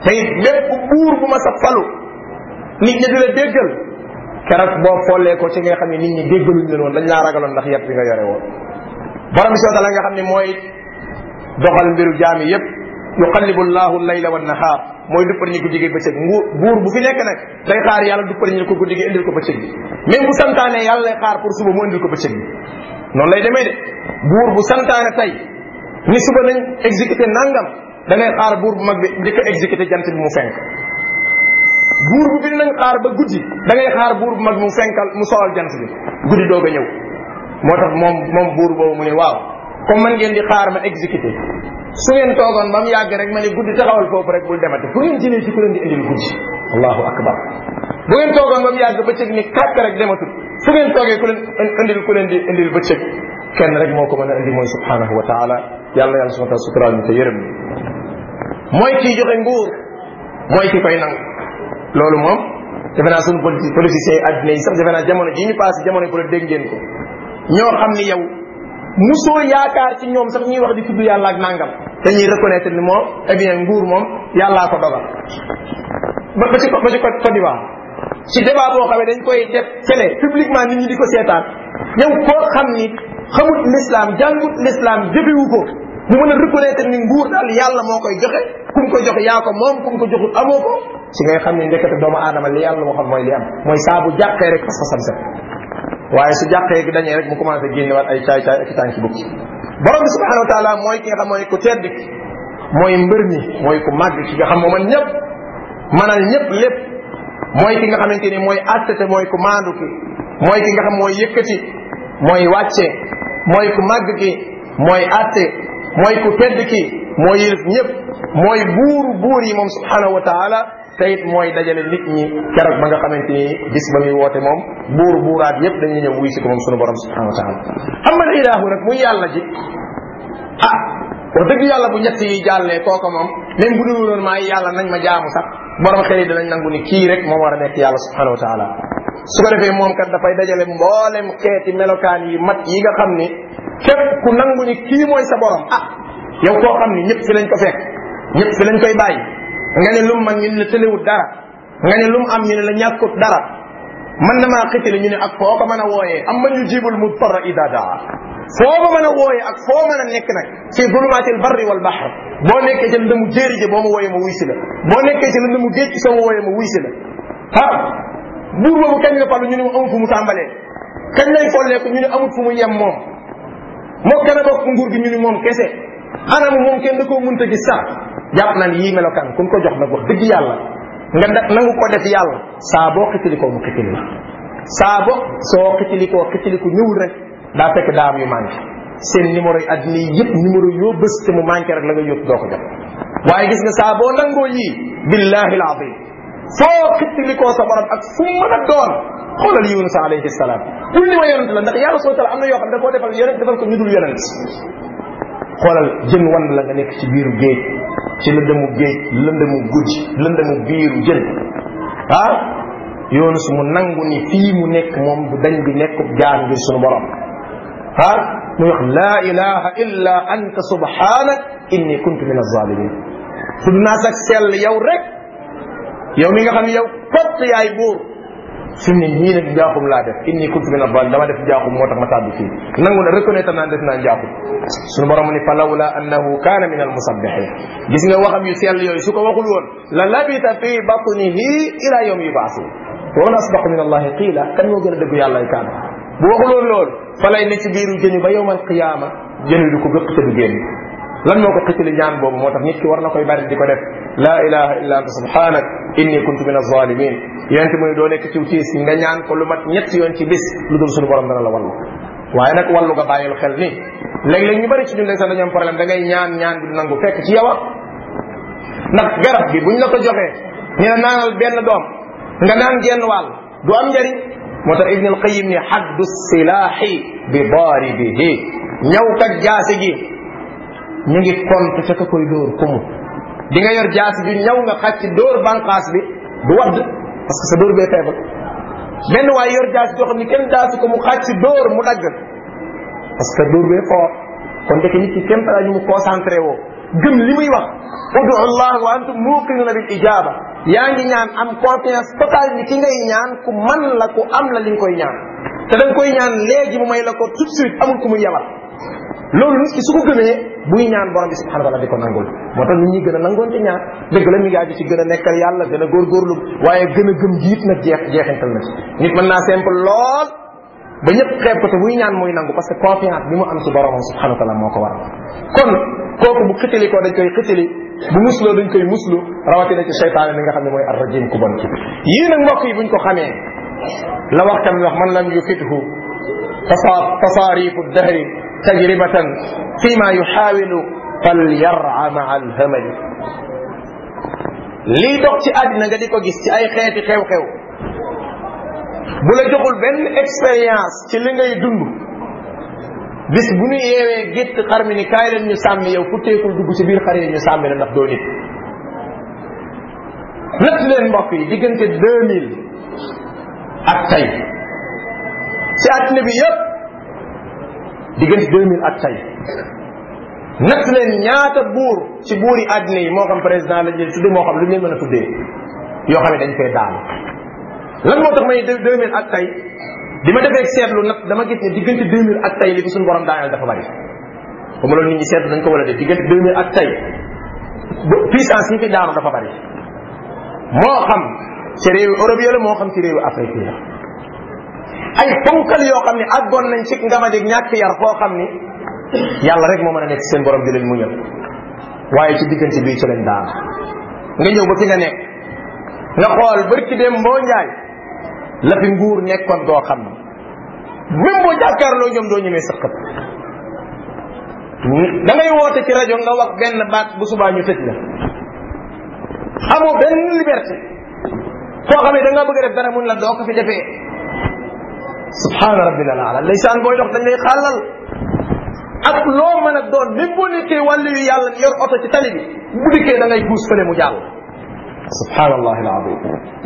te it bépp buur bu ma sa falu nit ñi di la déggal keroog boo follee ko ci xam ne nit ñi déggaluñ leen woon dañ laa ragaloon ndax yàpp bi nga yore woon borom bi la nga xam ne mooy doxal mbiru jaam yi yépp yuqallibu llahu layla wa nahaar mooy duppar ñi ko jigéen bëccëg nguur buur bu fi nekk nag day xaar yàlla duppar ñi ko guddi gi indil ko bëccëg bi même bu santaane yàlla lay xaar pour suba mu indil ko bëccëg bi noonu lay demee de buur bu santaane tey ni suba nañ exécuté nangam da ngay xaar buur bu mag bi njëkk a exécuté jant bi mu fenk buur bi nañ xaar ba guddi da ngay xaar buur bu mag mu fenkal mu solal jant bi guddi doog a ñëw moo tax moom moom buur boobu mu ne waaw kon man ngeen di xaar ma exécuté su ngeen toogoon ba mu yàgg rek ma ne guddi taxawal foofu rek bul demati fu ngeen ku leen di indil guddi allahu akbar bu ngeen toogoon ba mu yàgg bëccëg ni kàkk rek dematul fu ngeen toogee ku leen indil ku leen di indil bëccëg kenn rek moo ko mën a indi mooy subhanahu wa taala yàlla yàlla subhanahu wa taala suturaal ñu te yërëm mooy kiy joxe nguur mooy ki koy nangu loolu moom defe naa suñu politi politiciens yi adduna sax defe naa jamono ji ñu passé jamono yi ko la dégg ngeen ko ñoo xam ni yow musoo yaakaar ci ñoom sax ñuy wax di tudd yàlla ak nangam dañuy reconnaître ni moom eh bien nguur moom yàlla ko dogal ba ba ci ba ci Côte d'Ivoire ci débat boo xam ne dañ koy def télé publiquement nit ñi di ko seetaan yow koo xam ni xamut l'islam jàngut l'islam jëfewu ko mu mën a reconnaître ni nguur daal yàlla moo koy joxe ku ko koy joxe yaa ko moom ku ko joxul amoo si ngay xam ne ndekete doomu aadama li yàlla waxoon mooy li am mooy saabu bu rek pas-pasam set waaye si jàqee gi dañee rek mu commencé génnewaat ay caay caay ak tànki bukki borom bi subhanahu wa taala mooy ki nga xam mooy ku tedd mooy mbër mi mooy ku màgg ki nga xam moo mën ñëpp manal ñëpp lépp mooy ki nga xamante ni mooy attete mooy ku maandu ki mooy ki nga xam mooy yëkkati mooy wàcce mooy ku màgg ki mooy atte mooy ku tedd ki moo yilif ñëpp mooy buur buur yi moom subhanahu wa taala te mooy dajale nit ñi keroog ba nga xamante ni bis ba muy woote moom buur buuraat yëpp dañuy ñëw wuy si ko moom sunu borom subhanahu wa taala amma al ilaahu nag muy yàlla ji ah wax dëgg yàlla bu ñett yi jàllee kooka moom même bu dul woon yi yàlla nañ ma jaamu sax borom xel yi danañ nangu ni kii rek moom war a nekk yàlla subhanahu wa taala su ko defee moom kat dafay dajale mboolem xeeti melokaan yi mat yi nga xam ni képp ku nangu ni kii mooy sa borom ah yow koo xam ni ñëpp fi lañ ko fek ñëpp fi lañ koy bàyyi nga ne lum mag ñu ne la tëlewut dara nga ne lum am ñu ne la ñàkkut dara mën na maa xitali ñu ne ak foo ko mën a wooyee am man yujibul mudtarra ida daa foo ko mën a wooyee ak foo mën a nekk nag fi dulumatil barri wal bahr boo nekkee ci mu jéeri ji boo ma wooyee ma wuy la boo nekkee ci lëndëmu géej gi soo ma wooyee la ah buur boobu kañ la falu ñu ne mu amul fu mu tàmbalee kañ lay folleeku ñu ne amul mu yem moom moo gën a bokk nguur gi ñu ne moom kese anamu moom kenn da koo mënta gis sax jàpp na ne yii melokaan ku ko jox nag wax dëgg yàlla nga def nangu ko def yàlla saa boo xitilikoo mu xitili la saa bo soo xitilikoo xitiliku ñëwul rek daa fekk daa am yu manqué seen numéro yi àddina yi numéro yoo bës te mu manqué rek la nga yóbbu doo ko jot waaye gis nga saaboo boo nangoo yii billahi alazim foo xittalikoo sa borom ak fu mën a doon xoolal yunus alayhi salaam bul ni ma yonent la ndax yàlla soo taala am na yoo xam ne da koo defal yonent defal ko ñu dul yonent xoolal jën wan la nga nekk ci biiru géej ci lëndëmu géej lëndëmu guddi lëndëmu biiru jën ah yunus mu nangu ni fii mu nekk moom du dañ bi nekkub jaar ngir sunu borom ah muy wax laa ilaha illa anta subhanak inni kuntu min azalimin tudd naa sag sell yow rek yow mi nga xam ne yow fott yaay buur su ne ñii nag njaaxum laa def inni kuntu min abal dama def njaaxum moo tax ma tàbbi fii nangu na reconnaître naan def naa njaaxum suñu borom ni fa lawla annahu kaana min al musabbihin gis nga waxam yu sell yooyu su ko waxul woon la labita fi batnihi ila yawmi yubaasu wa man asdaqu min allahi qiila kan moo gën a dëggu yàlla ay kàddu bu waxul woon loolu fa lay ne ci biiru jëni ba yawmal qiyaama jëni du ko gëpp te du génn lan moo ko xëccali ñaan boobu moo tax nit ki war na koy bari di ko def laa ilaha illa anta subhanak inni kuntu min azalimin yonent muy doo nekk ciw tiis nga ñaan ko lu mat ñetti yoon ci bis lu dul suñu borom dana la wallu waaye nag wallu nga bàyyil xel ni léeg-léeg ñu bari ci ñun ndeysaan dañu am problème da ngay ñaan ñaan bi du nangu fekk ci yow ndax garab bi buñ la ko joxee ñu ne naanal benn doom nga naan genn wàll du am njariñ moo tax ibn al qayim ni xaddu silaaxi bi baaribihi ñaw kat jaasi gi ñu ngi compte ca ka koy dóor kumu di nga yor jaas bi ñaw nga xàcc dóor bànqaas bi du wadd parce que sa dóor bee faible benn waaye yor jaas joo xam ne kenn jaasi ko mu xàcc dóor mu dagg parce que dóor bee fort kon dëkk nit ki kenn balaa ñu mu concentré woo gëm li muy wax udu allah wa antum muqinuna bil ijaba yaa ngi ñaan am confiance totale ni ki ngay ñaan ku man la ku am la li nga koy ñaan te da koy ñaan léegi mu may la ko tout de ku muy yabal buy ñaan borom bi subhanahu wa taala di ko nangul moo tax nit ñi gën a nangoon ci ñaan dëgg la mi ngi ci gën a nekkal yàlla gën a góorgóorlu waaye gën a gëm jiit nag jeex jeexintal na ci nit mën naa simple lool ba ñëpp xeeb ko te buy ñaan muy nangu parce que confiance bi mu am ci boromam subhanahu wa taala moo ko waral kon bu xitali ko dañ koy xitali bu musloo dañ koy muslu rawatina ci seytaane mi nga xam ne mooy ar rajim ku bon ci yii nag mbokk yi buñ ko xamee la wax tamit wax man lam yufithu تجربة فيما يحاول فليرعى مع الهمل lii dox ci àddina nga di ko gis ci ay xeeti xew-xew bu la joxul benn expérience ci li ngay dund bis bu ñu yeewee gétt xar mi ni kaay leen ñu sàmmi yow ku teekul dugg ci biir xar yi ñu sàmmi la ndax doo nit natt leen mbokk yi diggante deux mille ak tey ci àddina bi yëpp diggante 2000 ak tey natt leen ñaata buur ci buuri àddina yi moo xam président la jël tudd moo xam lu ñu leen mën a tuddee yoo xam ne dañ fee daanu lan moo tax may 2000 ak tey bi ma defee seetlu nag dama gis ne diggante 2000 ak tey li ko suñu borom daaneel dafa bari ba ma loolu nit ñi seetlu dañ ko war a def diggante 2000 ak tey puissance yi fi daanu dafa bari moo xam ci réewu Europe yi la moo xam ci réewu Afrique yi la ay ponkal yoo xam ne àggoon nañ ci ngamadeeg ñàkk yar foo xam ni yàlla rek moo mën a nekk seen borom di leen muñal waaye ci diggante bii ci leen daan nga ñëw ba fi nga nekk nga xool barki dem mboo njaay la fi nguur nekkoon doo xam ni même boo jàkkaarloo ñoom doo ñemee sëqat da ngay woote ci rajo nga wax benn baat bu subaa ñu tëj la amoo benn liberté koo xam ne da nga bëgg a def dara mun la doo ko fi defee subhaana rabbil ala ndeysaan booy dox dañ lay xàllal ak loo mën a doon même boo nekkee wàllu yu yàlla yor oto ci tali bi bu dikkee da ngay guus fële mu jàll subhaanallahi alazim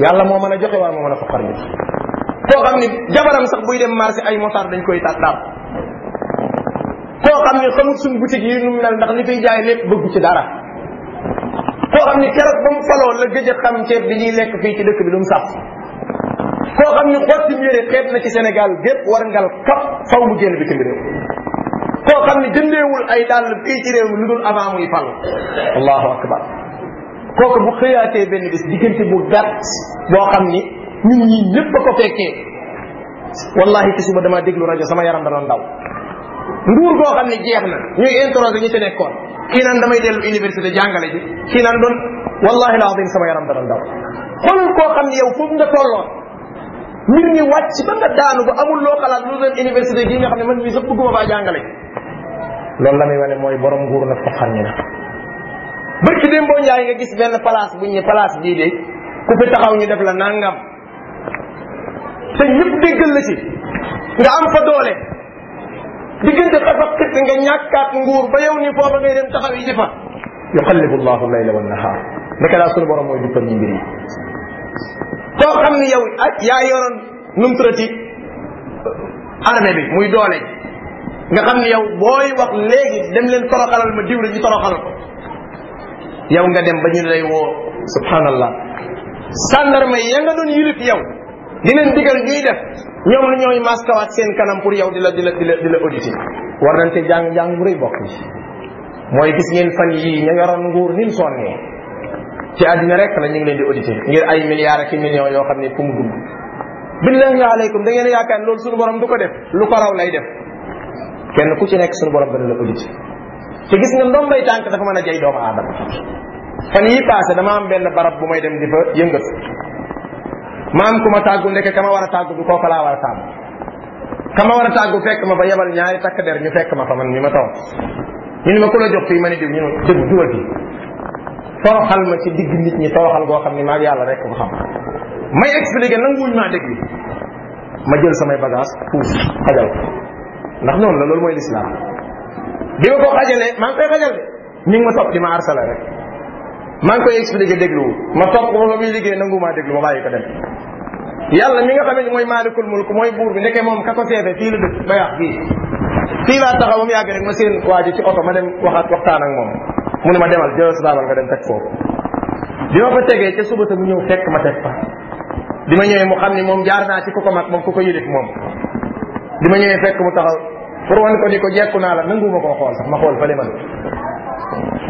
yàlla moo mën a joxe waaye moo mën a faqar nit koo xam ni jabaram sax buy dem marché ay motard dañ koy tàttaar koo xam ni xamul suñ boutique yi nu mu mel ndax jaay lépp bëggu ci dara koo xam ni keroog ba mu faloo la gëj a ceeb bi ñuy lekk fii ci dëkk bi lu mu sax koo xam ne xotti yére xeet na ci Sénégal gépp war ngal kap faw mu génn bitim réew koo xam ne jëndeewul ay dàll fii ci réew mi lu dul avant muy fal allahu akbar kooku bu xëyaatee benn bis diggante bu gàtt boo xam ni ñun ñii lépp a ko fekkee wallahi ci suba damaa déglu rajo sama yaram dana ndaw nguur goo xam ne jeex na ñuy interroger ñu ci nekkoon kii naan damay dellu université jàngale ji kii naan doon wallahi la azim sama yaram dana ndaw xool koo mbir mi wàcc ba nga daanu ba amul loo xalaat lu leen université gi nga man mii sax bëgguma faa jàngale loolu la muy wane mooy borom nguur nag ko xam ne nag bërki démboo njaay nga gis benn place buñ ne place bii de ku fi taxaw ñu def la nangam te ñëpp déggal la ci nga am fa doole diggante xafak xit nga ñàkkaat nguur ba yow ni foofa ngay dem taxaw di fa yuqallibu llahu layla wa nahaar naka laa sunu borom mooy duppal ñu mbir koo xam ne yow ah, yaa yoroon nu mu bi muy doole nga xam ne yow booy wax léegi dem leen toroxalal ma diw la ñu toroxalal ko nga dem ba ñu lay woo subhanallah sàndarma ya nga doon yilif yow di leen digal ñuy def ñoom la ñooy maskawaat seen kanam pour yow di la di la di la di la auditer war nañ te jàng jàng bu rëy bokk yi mooy gis ngeen fan yii ña yoroon nguur ni mu ci àddina rek la ñu ngi leen di audité ngir ay milliards ak i millions yoo xam ne fu mu dugg billahi aleykum da ngeen yaakaar loolu suñu borom du ko def lu ko raw lay def kenn ku ci nekk suñu borom dana la audité te gis nga ndombay tànk dafa mën a jay doomu aadama fan yi passé dama am benn barab bu may dem di fa yëngatu ma ku ma tàggu ndeke ka ma war a tàggu bi kooku laa war a tàggu ka ma war a tàggu fekk ma ba yebal ñaari takk der ñu fekk ma fa man mi ma taw ñu ni ma ku la jox fii ma ni diw ñu ne ma dugal fii toroxal ma ci digg nit ñi toroxal goo xam ne maa yàlla rek ko xam may expliqué nanguwuñ maa dégg ma jël samay bagage puus xajal ndax noonu la loolu mooy lislaam bi ma ko xajalee maa ngi koy xajal de ñu ngi ma topp di ma arsala rek maa ngi koy expliqué dégluwu ma topp ko fa muy liggéey nangu maa déglu ma bàyyi ko dem yàlla mi nga xamee ni mooy maalikul mulk mooy buur bi nekkee moom ka ko seefe fii la dëkk ba yàq fii fii laa taxaw ba mu yàgg ma seen waa ji ci oto ma dem waxaat waxtaan ak moom mu ne ma demal jëlal sa daabal nga dem teg foofu bi ma ko tegee ca suba mu ñëw fekk ma teg fa bi ma ñëwee mu xam ni moom jaar naa ci ko ko mag moom ko ko yilif moom bi ma ñëwee fekk mu taxaw pour wan ko ni ko jekku naa la nanguuma koo xool sax ma xool fële man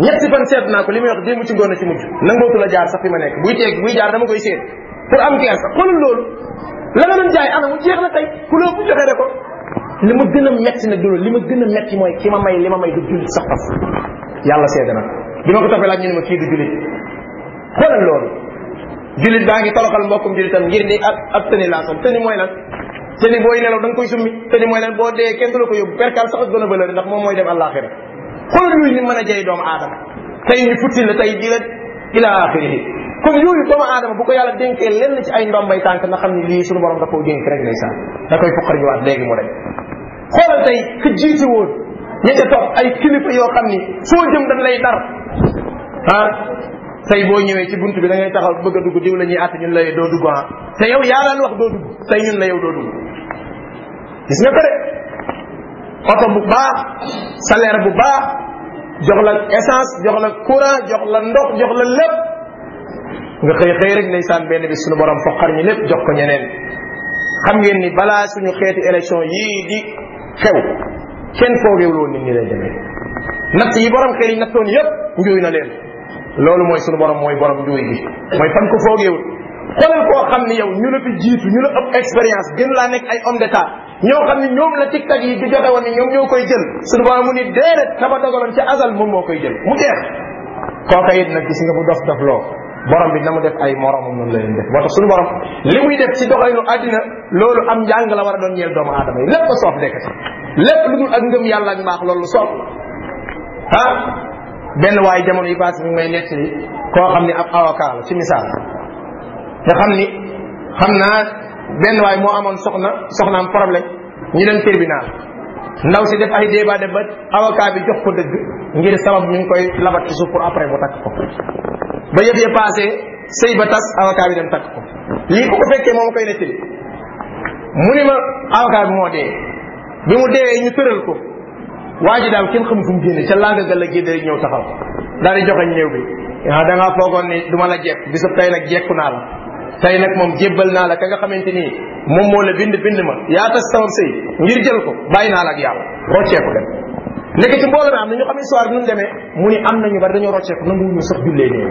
ñetti fan seet naa ko li muy wax démb ci ngoon ci mujj nangootu la jaar sax fi ma nekk buy teeg buy jaar dama koy seet pour am kersa xoolul loolu la nga doon jaay ana mu jeex li ma gën a metti nag loolu li ma gën a metti mooy ki ma may li ma may du jullit sax faf yàlla seede na bi ma ko toppee laaj ñu ne ma kii du jullit xoolal loolu jullit baa ngi toroxal mbokkum jullitam ngir ni ak ak tëni laa sol tëni mooy lan tëni booy nelaw da nga koy summi tëni mooy lan boo dee kenn du la ko yóbbu perkaal sax gën a bëlëri ndax moom mooy dem àllaaxira xoolal yooyu ni mën a jëy doomu aadama tey ñu futti la tey di la ila axirihi kon yooyu doomu aadama bu ko yàlla dénkee lenn ci na xam ne lii suñu borom da koo dénk rek ndeysaan da koy xoolal tey ku woon ña topp ay kilifa yoo xam ni foo jëm dañ lay dar ah tey boo ñëwee ci bunt bi da ngay taxaw bëgg a dugg diw la ñuy àtte ñun la doo dugg ah te yow yaa daan wax doo dugg tey ñun la yow doo dugg gis nga ko de oto bu baax salaire bu baax jox la essence jox la courant jox la ndox jox la lépp nga xëy xëy rek ndeysaan benn bi suñu borom foqar ñi lépp jox ko ñeneen xam ngeen ni balaa suñu xeeti élection yii di xew kenn foogeewul woon nit ñi lay demee natt yi borom xel yi nattoon yëpp njuuy na leen loolu mooy suñu borom mooy borom njuuy gi mooy fan ko foogeewul xoolal koo xam ni yow ñu la fi jiitu ñu la ëpp expérience gën laa nekk ay homme d'état ñoo xam ne ñoom la tiktak yi di woon ni ñoom ñoo koy jël sunu borom mu ni déedéet kaba dogaloon ca azal moom moo koy jël mu jeex kooka it nag gis nga bu dof dof loo borom bi na mu def ay moromam noonu la leen borom li muy def ci doxalinu àddina loolu am njàng la war a doon ñeel doomu aadama yi lépp a soof dekk lépp lu dul ak ngëm yàlla ak mbaax loolu soof ah benn waaye jamono yi passé mi may nettali koo xam ni ab avocat la ci misaal nga xam ni xam naa benn waay moo amoon soxna soxnaam problème ñu dem tribunal ndaw si def ay débat de ba avocat bi jox ko dëgg ngir sabab ñu ngi koy labat ci suuf pour après mu takk ko ba yëf ya passé sëy ba tas avocat bi dem takk ko lii bu ko fekkee moom koy nettali mu ni ma avocat moo dee bi mu deewee ñu tëral ko waa ji daal kenn xamul fu mu génne ca làng ga la génne ñëw taxaw daal di joxe néew bi waaw ah foogoon ni du la jekk bisu tay nag jekku naa la tey nag moom jébbal naa la ka nga xamante nii moom moo la bind bind ma yaa tas sama sëy ngir jël ko bàyyi naa la ak yàlla roccee ko dem nekk ci mbooloo mi am na ñu xam histoire bi nu mu demee mu ni am nañu bari dañoo rocceeku nanguwu ñu sax jullee nii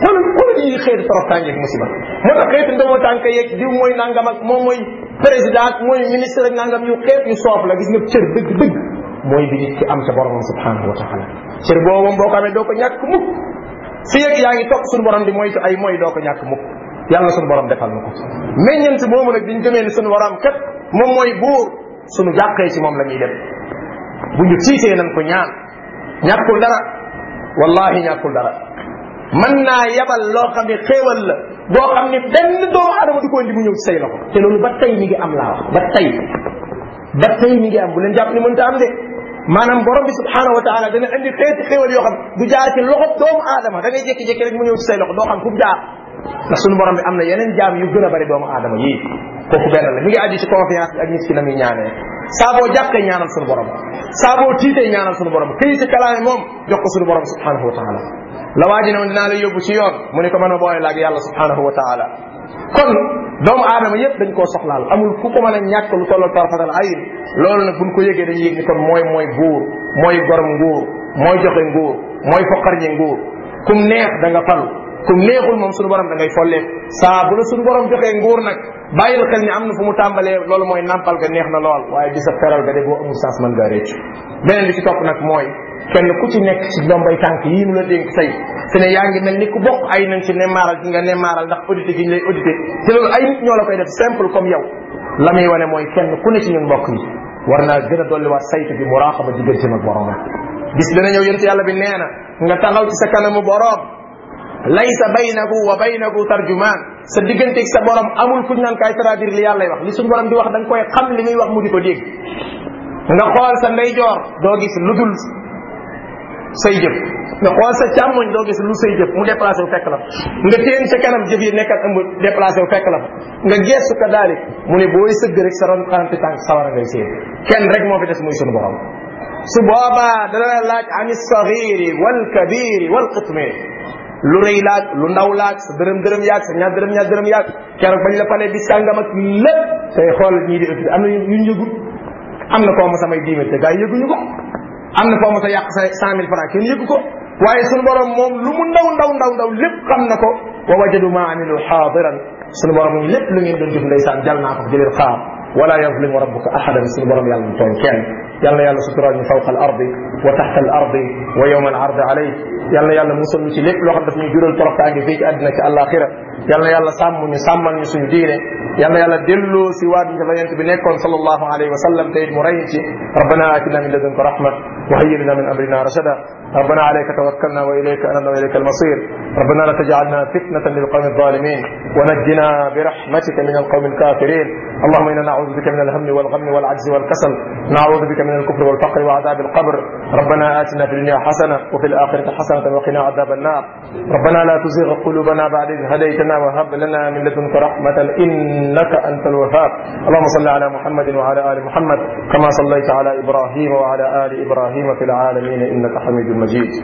xoolal xoolal ñuy xëy di torop tàngeeg musiba moo tax xëy ndamoo tànk yeeg diw mooy nangam moom mooy président ak mooy ministre ak nangam yu xeet yu soof la gis nga cër dëgg-dëgg mooy bi nit ki am sa boromam subhanahu wa taala cër boobu moom boo ko amee doo ko ñàkk mukk fi yegg yaa ngi topp suñu borom di moytu ay mooy doo ko ñàkk mukk yàlla suñu borom defal na ko meññeent moomu nag bi ñu gëmee ni suñu borom kat moom mooy buur suñu jàqee ci moom la ñuy dem bu ñu tiitee nan ko ñaan ñàkkul dara wallahi ñàkkul dara mën naa yabal loo xam ne xéewal la boo xam ne benn doomu adama du ko indi mu ñëw ci say loxo te loolu ba tey mi gi am laa wax ba tey ba tey am bu leen jàpp ni am de maanaam borom bi subhanahu wa taala dana indi xeeti xéewal yoo xam du jaar ci loxo doomu aadama da ngay jékki-jékki rek mu ñëw ci say loxo doo xam fu jaar ndax suñu borom bi am na yeneen jaam yu gën a bari doomu aadama yii kooku benn la mi ngi aju ci confiance bi ak nit ki na muy ñaanee saa boo ñaanal suñu borom saa boo tiitee ñaanal suñu borom këyit kalaame moom jox ko suñu borom subhanahu wa taala la waa ji ne naa dinaa la yóbbu ci yoon mu ne ko mën a booyee laag yàlla subhanahu wa taala kon doomu aadama yépp dañ koo soxlaal amul ku ko mën a ñàkk lu tolloo tarfatal ayin loolu nag ko yëgee dañuy yëg ni kon mooy mooy buur mooy gorom nguur mooy joxe nguur mooy foqarñe nguur kum neex da nga falu ku neexul moom suñu borom da ngay follee saa bu la suñu borom joxee nguur nag bàyyil xel ni am na fu mu tàmbalee loolu mooy nàmpal ga neex na lool waaye di sa teral ga de boo amul chance mën ngaa beneen bi ci topp nag mooy kenn ku ci nekk ci ndombay tànk yii nu la dénk say te ne yaa ngi mel ni ku bokk ay nañ ci nemmaaral ndax audité gi lay audité te loolu ay nit ñoo la koy def simple la muy wane mooy kenn ku ne ci ñun mbokk yi war naa gën a dolliwaat saytu bi muraqaba diggante ak boromam na nga taxaw ci sa kanamu laysa baynahu wa baynahu tarjumaan sa digganteeg sa borom amul fuñ naan kaay traduire li yàllay wax li suñ borom di wax da koy xam li muy wax mu di ko dégg nga xool sa ndeyjoor doo gis lu dul say jëf nga xool sa càmmoñ doo gis lu say jëf mu déplacé wu fekk la nga téen ca kanam jëf yi nekkat ëmb déplacé wu fekk la nga geesu ka daali mu ne booy sëgg rek sa ron xanante sa sawara ngay séen kenn rek moo fi des muy suñu borom su boobaa dana laaj ani sagiri wal kabiri lu rëy laag lu ndaw laag sa dërëm dërëm yaag sa ñaar dërëm ñaar dërëm yaag keroog bañ la falee di sàngam ak lépp tey xool ñii di ëpp am na ñu yëgul am na koo ma samay dix mille te gars yi yëguñu am na koo ma sa yàq sa cent mille franc kenn yëgu ko waaye sunu borom moom lu mu ndaw ndaw ndaw ndaw lépp xam na ko wa wajadu ma amilu xaadiran sunu borom lépp lu ngeen doon jëf ndeysaan jal naa ko jëleel xaar wala yazlimu rabbuka ahadan suñu borom yàlla du tooñ kenn yal na yàlla suturaal ñu fawqa al ardi wa taxta al ardi wa yowma al ardi alayk yal na yàlla musal ñu ci lépp loo xam daf ñuy jural toroxtaange fii ci àddina ci àllaaxira yal na yàlla sàmm ñu sàmmal ñu suñu diine yal na yàlla delloo si waat ñu fa yonent bi nekkoon sallallahu alayhi wa sallam te it mu rey ci rabbana atina min ladunka rahma wa hayyi lana min amrina rashada ربنا عليك توكلنا وإليك أنبنا وإليك المصير ربنا لا تجعلنا فتنة للقوم الظالمين ونجنا برحمتك من القوم الكافرين اللهم إنا نعوذ بك من الهم والغم والعجز والكسل نعوذ بك من الكفر والفقر وعذاب القبر ربنا آتنا في الدنيا حسنة وفي الآخرة حسنة وقنا عذاب النار ربنا لا تزغ قلوبنا بعد إذ هديتنا وهب لنا من لدنك رحمة إنك أنت الوهاب اللهم صل على محمد وعلى آل محمد كما صليت على إبراهيم وعلى آل إبراهيم في العالمين إنك حميد المجيد